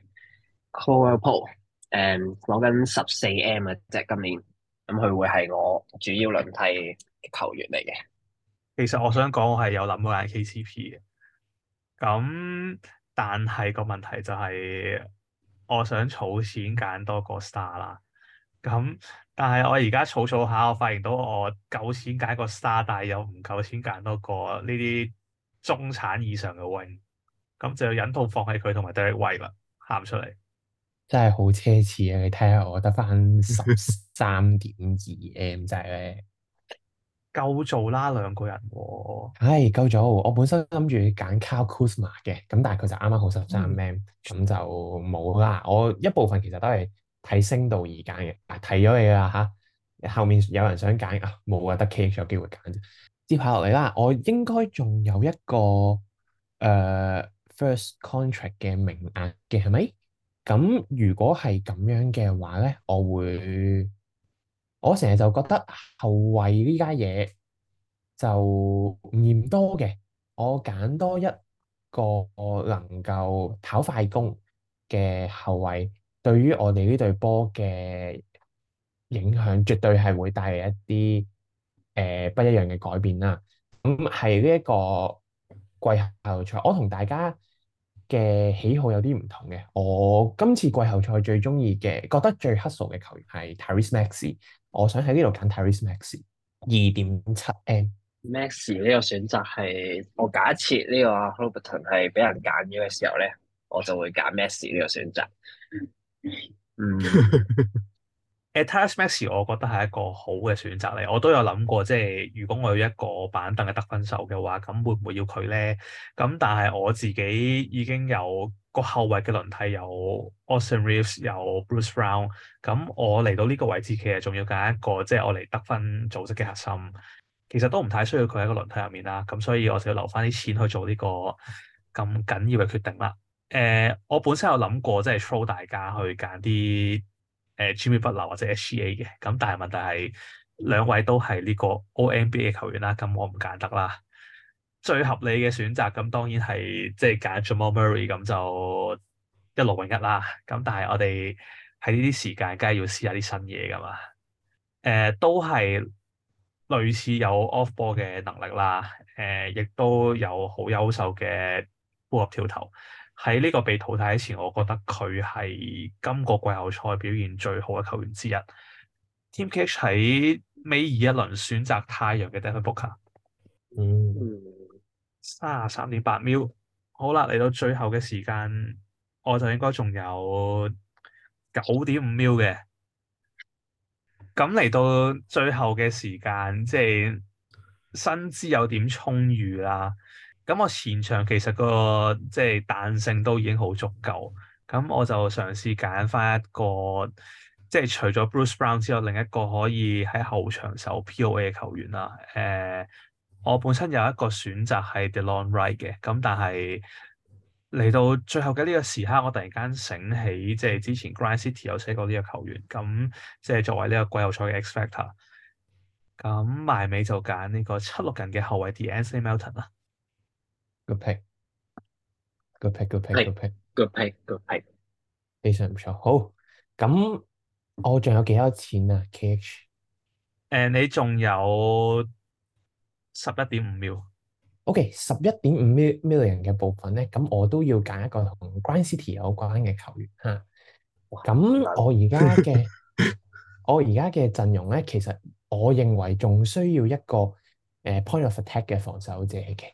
Speaker 4: Paul 誒、嗯，攞緊十四 M 啊，即係今年，咁佢會係我主要輪替球員嚟嘅。
Speaker 1: 其實我想講，我係有諗過揀 KCP 嘅，咁但係個問題就係、是，我想儲錢揀多個 star 啦。咁，但係我而家儲儲下，我發現到我夠錢揀個 Star，又唔夠錢揀多個呢啲中產以上嘅 wing，咁就要忍痛放棄佢同埋 Derrick White 啦，喊出嚟。
Speaker 3: 真係好奢侈啊！你睇下我得返十
Speaker 1: 三點二 M，就係
Speaker 3: 夠做啦兩個人喎、啊。係、哎、夠做，我本身諗住揀 Kyle Kuzma 嘅，咁但係佢就啱啱好十三 M，咁就冇啦。我一部分其實都係。睇升到而揀嘅，啊提咗你啦嚇，後面有人想揀啊冇啊？得 KH 有機會揀啫。接下落嚟啦，我應該仲有一個誒、呃、first contract 嘅名額嘅，係咪？咁如果係咁樣嘅話咧，我會我成日就覺得後衞呢家嘢就唔嫌多嘅，我揀多一個我能夠跑快攻嘅後衞。對於我哋呢隊波嘅影響，絕對係會帶嚟一啲誒、呃、不一樣嘅改變啦。咁係呢一個季後賽，我同大家嘅喜好有啲唔同嘅。我今次季後賽最中意嘅，覺得最 hustle 嘅球員係 Terry m a x，我想喺呢度揀 Terry Maxi 二點七 n。
Speaker 4: m a x 呢個選擇係我假設呢個 h o b e r t s o n 係俾人揀咗嘅時候咧，我就會揀 m a x 呢個選擇。
Speaker 1: 嗯 Atas Max，我覺得係一個好嘅選擇嚟。我都有諗過，即係如果我有一個板凳嘅得分手嘅話，咁會唔會要佢咧？咁但係我自己已經有個後衛嘅輪替，有 Austin Reeves，有 Bruce Brown。咁我嚟到呢個位置，其實仲要揀一個，即係我嚟得分組織嘅核心。其實都唔太需要佢喺個輪替入面啦。咁所以我就要留翻啲錢去做呢個咁緊要嘅決定啦。誒、呃，我本身有諗過即係 t h o w 大家去揀啲誒 Jimmy 不流或者 SGA 嘅，咁但係問題係兩位都係呢個 o m b a 球員啦，咁我唔揀得啦。最合理嘅選擇咁當然係即係揀 j a m a Murray，咁就一落永一啦。咁但係我哋喺呢啲時間，梗係要試下啲新嘢噶嘛。誒、呃，都係類似有 off ball 嘅能力啦。誒、呃，亦都有好優秀嘅波入跳投。喺呢個被淘汰之前，我覺得佢係今個季後賽表現最好嘅球員之一。Team KH 喺尾二一輪選擇太陽嘅 Devin Booker，三十三點八秒。好啦，嚟到最後嘅時間，我就應該仲有九點五秒嘅。咁嚟到最後嘅時間，即係薪資有點充裕啦。咁我前場其實個即係彈性都已經好足夠，咁我就嘗試揀翻一個即係除咗 Bruce Brown 之外，另一個可以喺後場守 POA 嘅球員啦。誒、呃，我本身有一個選擇係 Delon Wright 嘅，咁但係嚟到最後嘅呢個時刻，我突然間醒起即係之前 Grind City 有寫過呢個球員，咁即係作為呢個季後賽嘅 X-Factor，咁埋尾就揀呢個七六人嘅後衛 De'Anthony Melton 啦。
Speaker 3: 個 pick，個 pick，個 pick，個
Speaker 1: pick，個 pick，個 pick，
Speaker 3: 非常唔錯。好，咁我仲有幾多錢啊？KH，
Speaker 1: 誒，你仲有十一點五秒
Speaker 3: ？OK，十一點五 million 嘅部分咧，咁我都要揀一個同 GrindCity 有關嘅球員吓。咁、啊、哇我而家嘅， 我而家嘅陣容咧，其實我認為仲需要一個誒 point of attack 嘅防守者嘅。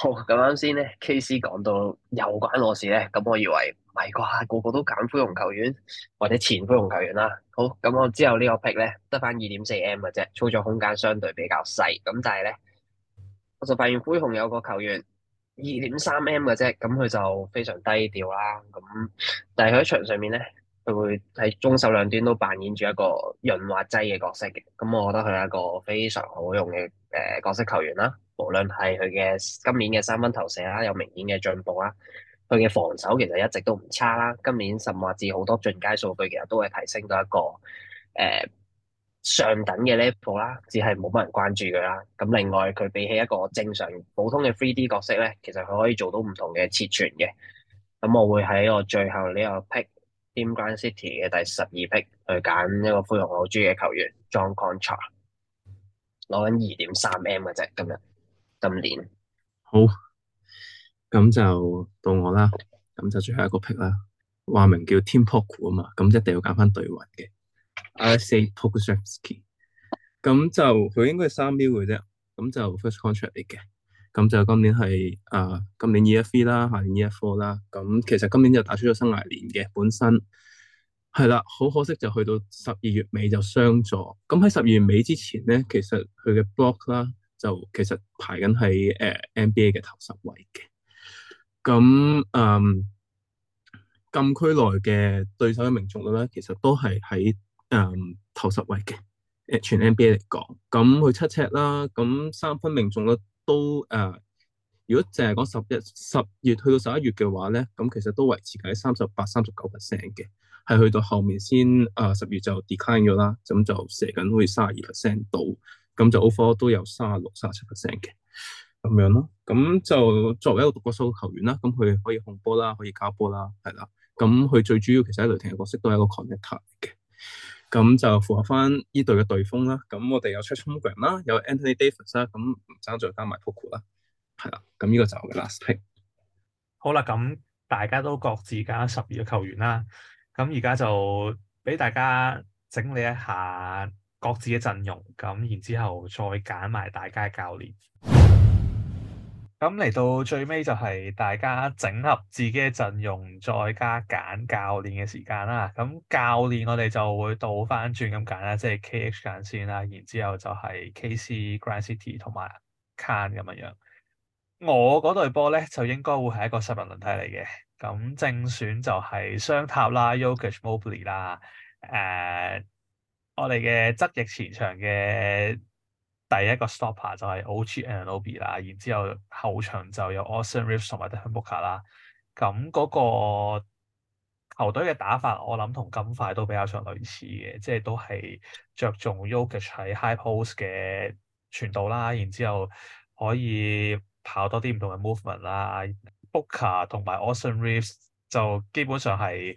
Speaker 4: 好，咁啱先咧，K C 講到有關我事咧，咁我以為唔係啩，個個都揀灰熊球員或者前灰熊球員啦。好，咁我之後個呢個 pick 咧得翻二點四 M 嘅啫，操作空間相對比較細。咁但係咧，我就發現灰熊有個球員二點三 M 嘅啫，咁佢就非常低調啦。咁但係佢喺場上面咧，佢會喺中手兩端都扮演住一個潤滑劑嘅角色嘅。咁我覺得佢係一個非常好用嘅誒、呃、角色球員啦。無論係佢嘅今年嘅三分投射啦，有明顯嘅進步啦，佢嘅防守其實一直都唔差啦。今年甚至好多進階數據其實都係提升到一個誒、呃、上等嘅 level 啦，只係冇乜人關注佢啦。咁另外佢比起一個正常普通嘅 three D 角色咧，其實佢可以做到唔同嘅切傳嘅。咁我會喺我最後呢個 pick Team GrindCity 嘅第十二 pick 去揀一個灰熊老中嘅球員 John Contra，攞緊二點三 M 嗰隻今日。今年
Speaker 2: 好，咁就到我啦，咁就最後一個 pick 啦，話名叫 Team Poku 啊嘛，咁一定要揀翻隊位嘅。阿四 Pokusevski，咁就佢應該係三秒嘅啫，咁就 first contract 嚟嘅。咁就今年係啊、呃，今年 year three 啦，下年 year four 啦。咁其實今年就打出咗生涯年嘅本身係啦，好可惜就去到十二月尾就傷咗。咁喺十二月尾之前咧，其實佢嘅 block 啦。就其實排緊喺誒 NBA 嘅頭十位嘅，咁誒、嗯、禁區內嘅對手嘅命中率咧，其實都係喺誒頭十位嘅，誒全 NBA 嚟講。咁佢七尺啦，咁三分命中率都誒、呃，如果淨係講十日、十月去到十一月嘅話咧，咁其實都維持緊喺三十八、三十九 percent 嘅，係去到後面先誒、呃、十月就 decline 咗啦，咁就射緊好似卅二 percent 到。咁就 off，都有三啊六、三啊七 percent 嘅，咁樣咯。咁就作為一個獨角獸嘅球員啦，咁佢可以控波啦，可以交波啦，係啦。咁佢最主要其實喺雷霆嘅角色都係一個 connector 嘅。咁就符合翻呢隊嘅隊風啦。咁我哋有 Chet Holmgren 啦，有 Anthony Davis 啦，咁唔差再加埋 Poku 啦，係啦。咁呢個就我嘅 last pick。好啦，咁大家都各
Speaker 1: 自加十二個球員啦。咁而家就俾大家整理一下。各自嘅陣容，咁然之後再揀埋大家嘅教練。咁嚟到最尾就係大家整合自己嘅陣容，再加揀教練嘅時間啦。咁教練我哋就會倒翻轉咁揀啦，即係 KH 揀先啦，然之後就係 KC GrindCity 同埋 Kan 咁樣樣。我嗰隊波咧，就應該會係一個十人輪替嚟嘅，咁正選就係雙塔啦，Jokic Mobley 啦，誒。Ok 我哋嘅側翼前場嘅第一個 stopper 就係 OG Anunoby 啦，G N o、B，然之後後場就有 Austin Reeves 同埋 Devin Booker 啦。咁嗰個球隊嘅打法，我諗同金塊都比較上類似嘅，即係都係着重 Jokic 喺 high post 嘅傳導啦，然之後可以跑多啲唔同嘅 movement 啦。Booker 同埋 Austin Reeves 就基本上係。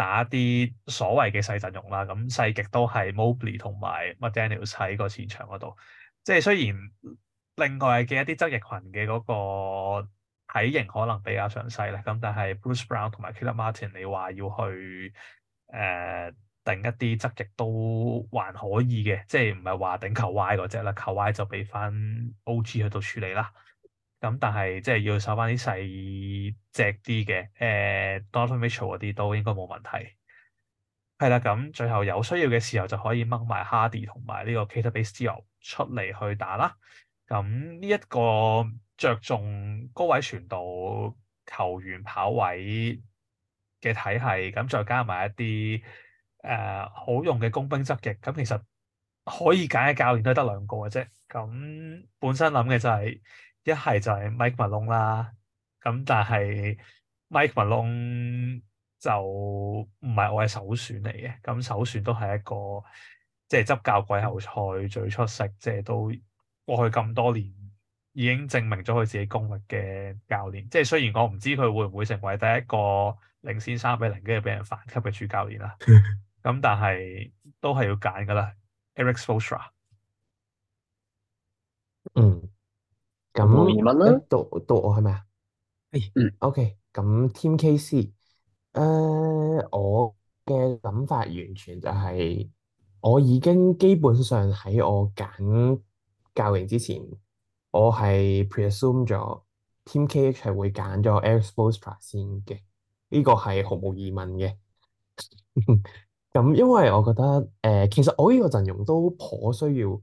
Speaker 1: 打一啲所謂嘅細陣容啦，咁細極都係 Mobley 同埋 McDaniel 喺個前場嗰度。即係雖然另外嘅一啲側翼群嘅嗰個體型可能比較上細啦，咁但係 Bruce Brown 同埋 Caleb Martin，你話要去誒頂、呃、一啲側翼都還可以嘅，即係唔係話頂 Kawhi 嗰隻啦，Kawhi 就俾翻 O.G. 去到處理啦。咁但係即係要守翻啲細隻啲嘅，誒、呃，多特梅 l 嗰啲都應該冇問題。係啦，咁、嗯、最後有需要嘅時候就可以掹埋 Hardy 同埋呢個基德比 e 流出嚟去打啦。咁呢一個着重高位傳導、球員跑位嘅體系，咁、嗯、再加埋一啲誒、呃、好用嘅工兵側翼，咁、嗯、其實可以揀嘅教練都係得兩個嘅啫。咁、嗯、本身諗嘅就係、是。一係就係 Mike Malone 啦，咁但係 Mike Malone 就唔係我嘅首選嚟嘅，咁首選都係一個即係執教季後賽最出色，即係都過去咁多年已經證明咗佢自己功力嘅教練。即係雖然我唔知佢會唔會成為第一個領先三比零跟住俾人反級嘅主教練啦，咁 但係都係要揀噶啦，Erik Spoelstra。嗯。
Speaker 3: 咁，那嗯、到到我係咪啊？哎是、嗯、OK，咁 Team KC，誒、呃，我嘅諗法完全就係、是，我已經基本上喺我揀教練之前，我係 presume 咗 Team KH 係會揀咗 Erik、er、Spoelstra 先嘅，呢、這個係毫無疑問嘅。咁 因為我覺得，誒、呃，其實我呢個陣容都頗需要誒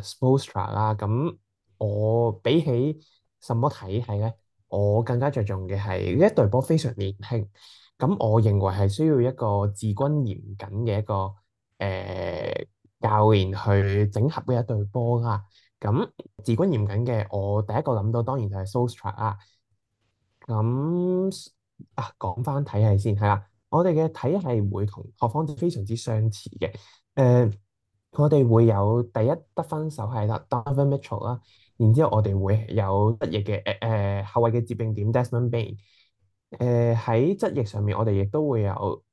Speaker 3: Spoelstra 啦，咁、呃。我比起什麼體系咧，我更加着重嘅係呢一隊波非常年輕，咁我認為係需要一個治軍嚴謹嘅一個誒、呃、教練去整合呢一隊波啦。咁治軍嚴謹嘅，我第一個諗到當然就係 Solskjaer 啦。咁啊，講翻體系先，係啦，我哋嘅體系會同學方非常之相似嘅。誒、呃，我哋會有第一得分手係啦 Davion Mitchell 啦。然之後，我哋會有質翼嘅誒誒後衞嘅接應點 Desmond Bane。誒喺質翼上面，我哋亦都會有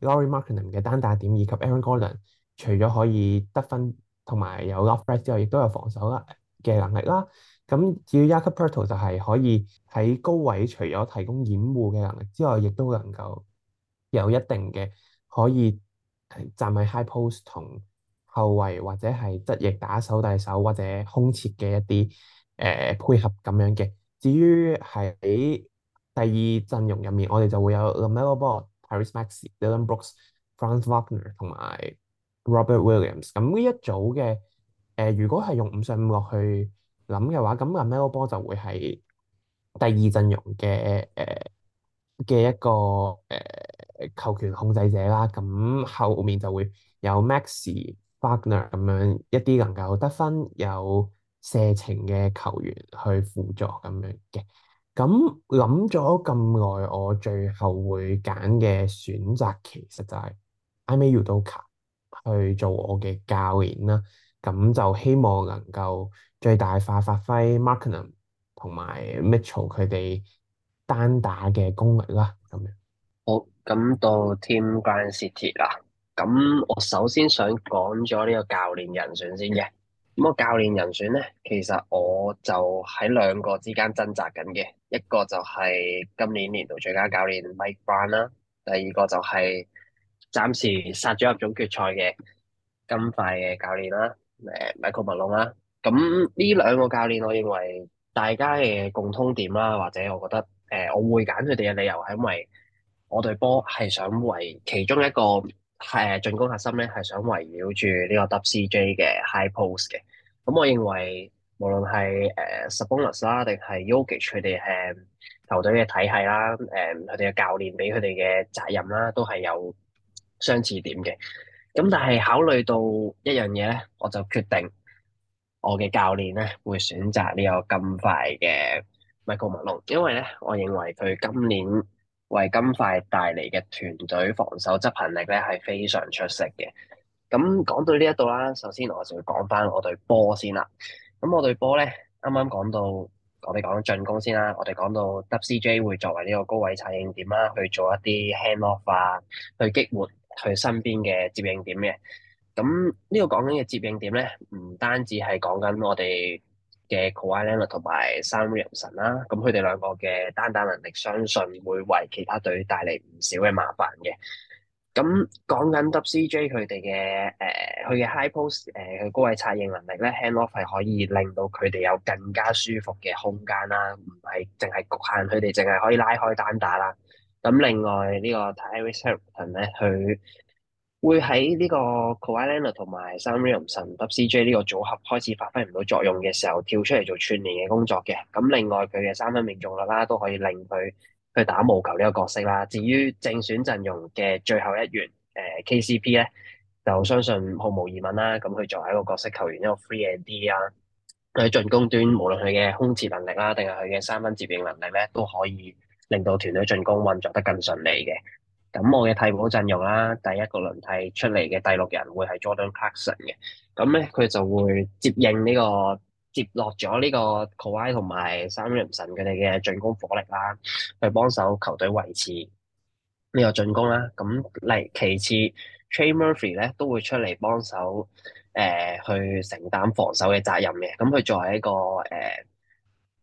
Speaker 3: Lauri Markkanen 嘅單打點，以及 Aaron Gordon。除咗可以得分同埋有，有 love press 之外，亦都有防守啦嘅能力啦。咁至於 Jakob Poeltl 就係可以喺高位，除咗提供掩護嘅能力之外，亦都能夠有一定嘅可以站喺 high post 同。後衛或者係側翼打手大手，或者空切嘅一啲誒、呃、配合咁樣嘅。至於喺第二陣容入面，我哋就會有 LaMelo Ball 士、Tyrese Maxey、e Dillon Brooks、Franz Wagner 同埋 Robert Williams。咁呢一組嘅誒、呃，如果係用五上五落去諗嘅話，咁 LaMelo Ball 就會係第二陣容嘅誒嘅一個誒、呃、球權控制者啦。咁後面就會有 Maxey。p a r t n e r 咁樣一啲能夠得分有射程嘅球員去輔助咁樣嘅，咁諗咗咁耐，我最後會揀嘅選擇其實就係 i m a y you e v 到卡去做我嘅教練啦。咁就希望能夠最大化發揮 Markinum 同埋 Mitchell 佢哋單打嘅功力
Speaker 4: 啦。咁樣好，咁到 Team g r 啦。咁我首先想講咗呢個教練人選先嘅，咁、那個教練人選咧，其實我就喺兩個之間掙扎緊嘅，一個就係今年年度最佳教練 Mike Brown 啦、啊，第二個就係暫時殺咗入總決賽嘅金塊嘅教練啦，誒、啊、Michael Malone，咁、啊、呢兩個教練我認為大家嘅共通點啦，或者我覺得誒、呃，我會揀佢哋嘅理由係因為我隊波係想為其中一個。係進攻核心咧，係想圍繞住呢個 w CJ 嘅 high post 嘅。咁我認為，無論係誒、呃、Sabonis 啦，定係 Jokic 佢哋誒球隊嘅體系啦，誒佢哋嘅教練俾佢哋嘅責任啦，都係有相似點嘅。咁但係考慮到一樣嘢咧，我就決定我嘅教練咧會選擇呢個金塊嘅 Michael Malone，因為咧我認為佢今年。為金塊帶嚟嘅團隊防守執行力咧係非常出色嘅。咁講到呢一度啦，首先我就要講翻我隊波先啦。咁我隊波咧，啱啱講到我哋講進攻先啦，我哋講到 WCJ 會作為呢個高位策應點啦，去做一啲 hand off 啊，去激活佢身邊嘅接應點嘅。咁呢個講緊嘅接應點咧，唔單止係講緊我哋。嘅 Kawhi Leonard 同埋三威廉神啦，咁佢哋兩個嘅單打能力，相信會為其他隊帶嚟唔少嘅麻煩嘅。咁講緊 w C J 佢哋嘅誒，佢、呃、嘅 high post 佢、呃、高位策應能力咧，hand off 係可以令到佢哋有更加舒服嘅空間啦，唔係淨係局限佢哋，淨係可以拉開單打啦。咁另外、這個、呢個 Tyrese Haliburton 咧，佢，會喺呢個 k o i l a n d e、er、r 同埋三分用神 WCJ 呢個組合開始發揮唔到作用嘅時候，跳出嚟做串聯嘅工作嘅。咁另外佢嘅三分命中率啦，都可以令佢去打無球呢個角色啦。至於正選陣容嘅最後一員，誒、呃、KCP 咧，就相信毫無疑問啦。咁佢作為一個角色球員，呢個 Free AD 啊，佢喺進攻端無論佢嘅空切能力啦，定係佢嘅三分接應能力咧，都可以令到團隊進攻運作得更順利嘅。咁我嘅替補陣容啦，第一個輪替出嚟嘅第六人會係 Jordan Clarkson 嘅。咁咧佢就會接應呢、這個接落咗呢個 Kawhi 同埋三輪神佢哋嘅進攻火力啦，去幫手球隊維持呢個進攻啦。咁嚟其次，Trey Murphy 咧都會出嚟幫手誒去承擔防守嘅責任嘅。咁佢作為一個誒、呃、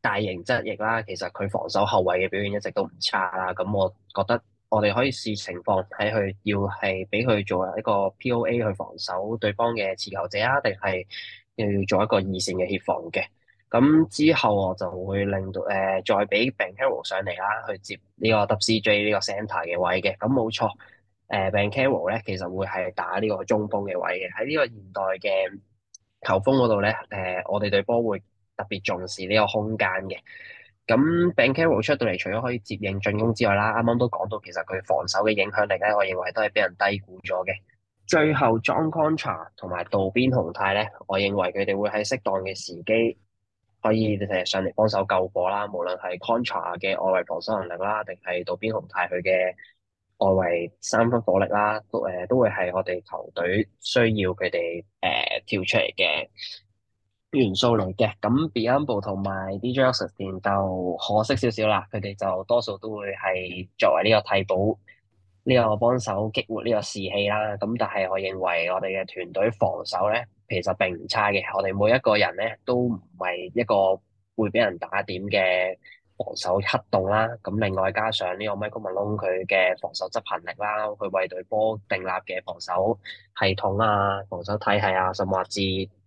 Speaker 4: 大型側翼啦，其實佢防守後衞嘅表現一直都唔差啦。咁我覺得。我哋可以視情況睇佢要係俾佢做一個 POA 去防守對方嘅持球者啊，定係又要做一個二線嘅協防嘅。咁之後我就會令到誒、呃、再俾 Ben Carroll 上嚟啦，去接呢個得 CJ 呢個 center 嘅位嘅。咁冇錯，誒 Ben Carroll 咧其實會係打呢個中鋒嘅位嘅。喺呢個現代嘅球風嗰度咧，誒、呃、我哋對波會特別重視呢個空間嘅。咁 Ben Caro 出到嚟，除咗可以接應進攻之外啦，啱啱都講到其實佢防守嘅影響力咧，我認為都係俾人低估咗嘅。最後，John Contra 同埋渡邊雄太咧，我認為佢哋會喺適當嘅時機，可以成日上嚟幫手救火啦。無論係 Contra 嘅外圍防守能力啦，定係渡邊雄太佢嘅外圍三分火力啦，都誒、呃、都會係我哋球隊需要佢哋誒跳出嚟嘅。元素嚟嘅，咁 Beckham 同埋 DJ 就可惜少少啦，佢哋就多數都會係作為呢個替補、呢、呢個幫手激活呢個士氣啦。咁但係我認為我哋嘅團隊防守咧，其實並唔差嘅。我哋每一個人咧都唔係一個會俾人打點嘅防守黑洞啦。咁另外加上呢個 Michael Malone 佢嘅防守執行力啦，佢為隊波定立嘅防守系統啊、防守體系啊、甚至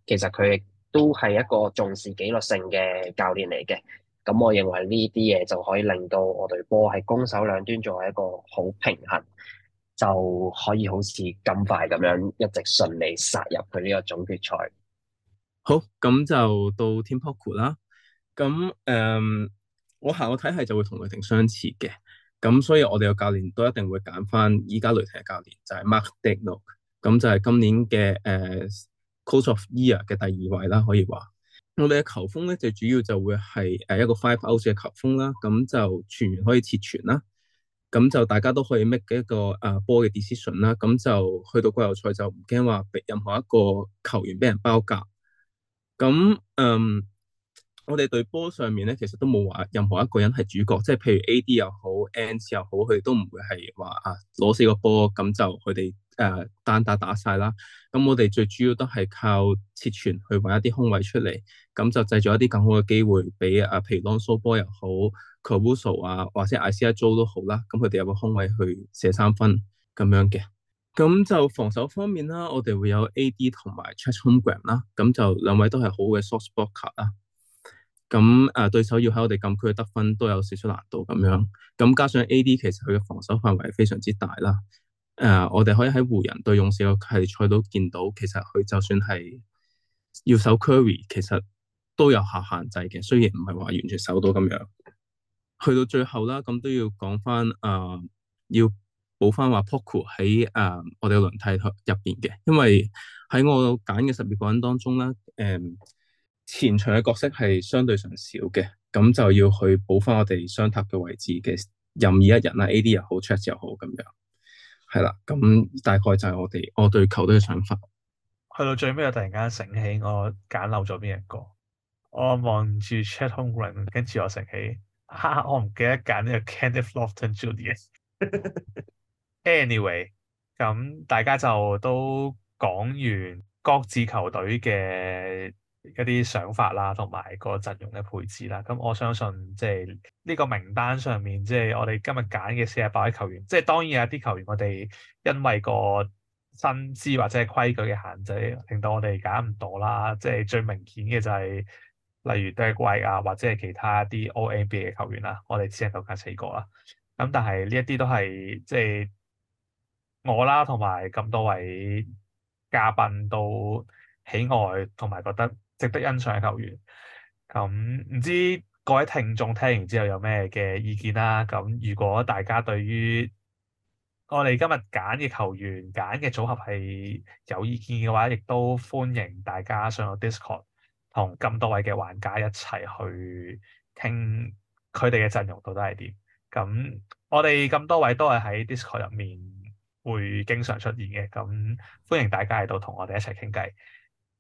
Speaker 4: 其實佢，都係一個重視紀律性嘅教練嚟嘅，咁我認為呢啲嘢就可以令到我隊波係攻守兩端做一個好平衡，就可以好似咁快咁樣一直順利殺入佢呢個總決賽。
Speaker 2: 好，咁就到 Team Poku 啦。咁誒、嗯，我行嘅體係就會同雷霆相似嘅，咁所以我哋嘅教練都一定會揀翻依家雷霆嘅教練，就係、是、Mark Daigneault。咁就係今年嘅誒。呃 Coach of year 嘅第二位啦，可以話我哋嘅球風咧就主要就會係誒一個 five out 嘅球風啦，咁就全員可以切全啦，咁就大家都可以 make 一個誒波嘅 decision 啦，咁就去到季後賽就唔驚話被任何一個球員俾人包夾，咁嗯、um, 我哋對波上面咧其實都冇話任何一個人係主角，即係譬如 AD 又好，N 切又好，佢都唔會係話啊攞死個波，咁就佢哋。誒單、呃、打打晒啦，咁我哋最主要都係靠切傳去揾一啲空位出嚟，咁就製造一啲更好嘅機會俾譬如 Lonzo Ball 又好 Caruso 啊，或者 Isaiah Joe 都好啦，咁佢哋有個空位去射三分咁樣嘅，咁就防守方面啦，我哋會有 AD 同埋 Chet Holmgren 啦，咁就兩位都係好嘅 shot blocker 啦，咁誒、呃、對手要喺我哋禁區嘅得分都有少少難度咁樣，咁加上 AD 其實佢嘅防守範圍非常之大啦。誒、呃，我哋可以喺湖人對勇士嘅系列賽度見到，其實佢就算係要守 Curry，其實都有下限制嘅，雖然唔係話完全守到咁樣，去到最後啦，咁都要講翻誒，要補翻話 Poku 喺誒我哋嘅輪替入邊嘅，因為喺我揀嘅十二個人當中咧，誒、呃、前場嘅角色係相對上少嘅，咁就要去補翻我哋雙塔嘅位置嘅任意一人啦，A.D 又好，track 又好咁樣。係啦，咁大概就係我哋我對球隊嘅想法。
Speaker 1: 去到最尾，我突然間醒起我，我揀漏咗邊一個。我望住 Chet Holmgren，跟住我醒起，啊，我唔記得揀呢個 Kenneth Lofton Jr.。 Anyway，咁大家就都講完各自球隊嘅一啲想法啦，同埋個陣容嘅配置啦。咁我相信即係呢個名單上面，即係我哋今日揀嘅四十八位球員，即係當然有一啲球員我哋因為個薪資或者係規矩嘅限制，令到我哋揀唔到啦。即係最明顯嘅就係例如對外啊，或者係其他啲 All-NBA 嘅球員啦，我哋只能夠揀四個啦。咁但係呢一啲都係即係我啦，同埋咁多位嘉賓都喜愛同埋覺得。值得欣賞嘅球員，咁、嗯、唔知各位聽眾聽完之後有咩嘅意見啦、啊？咁、嗯、如果大家對於我哋今日揀嘅球員揀嘅組合係有意見嘅話，亦都歡迎大家上個 Discord，同咁多位嘅玩家，一齊去傾佢哋嘅陣容到底係點。咁、嗯、我哋咁多位都係喺 Discord 入面會經常出現嘅，咁、嗯、歡迎大家喺度同我哋一齊傾偈。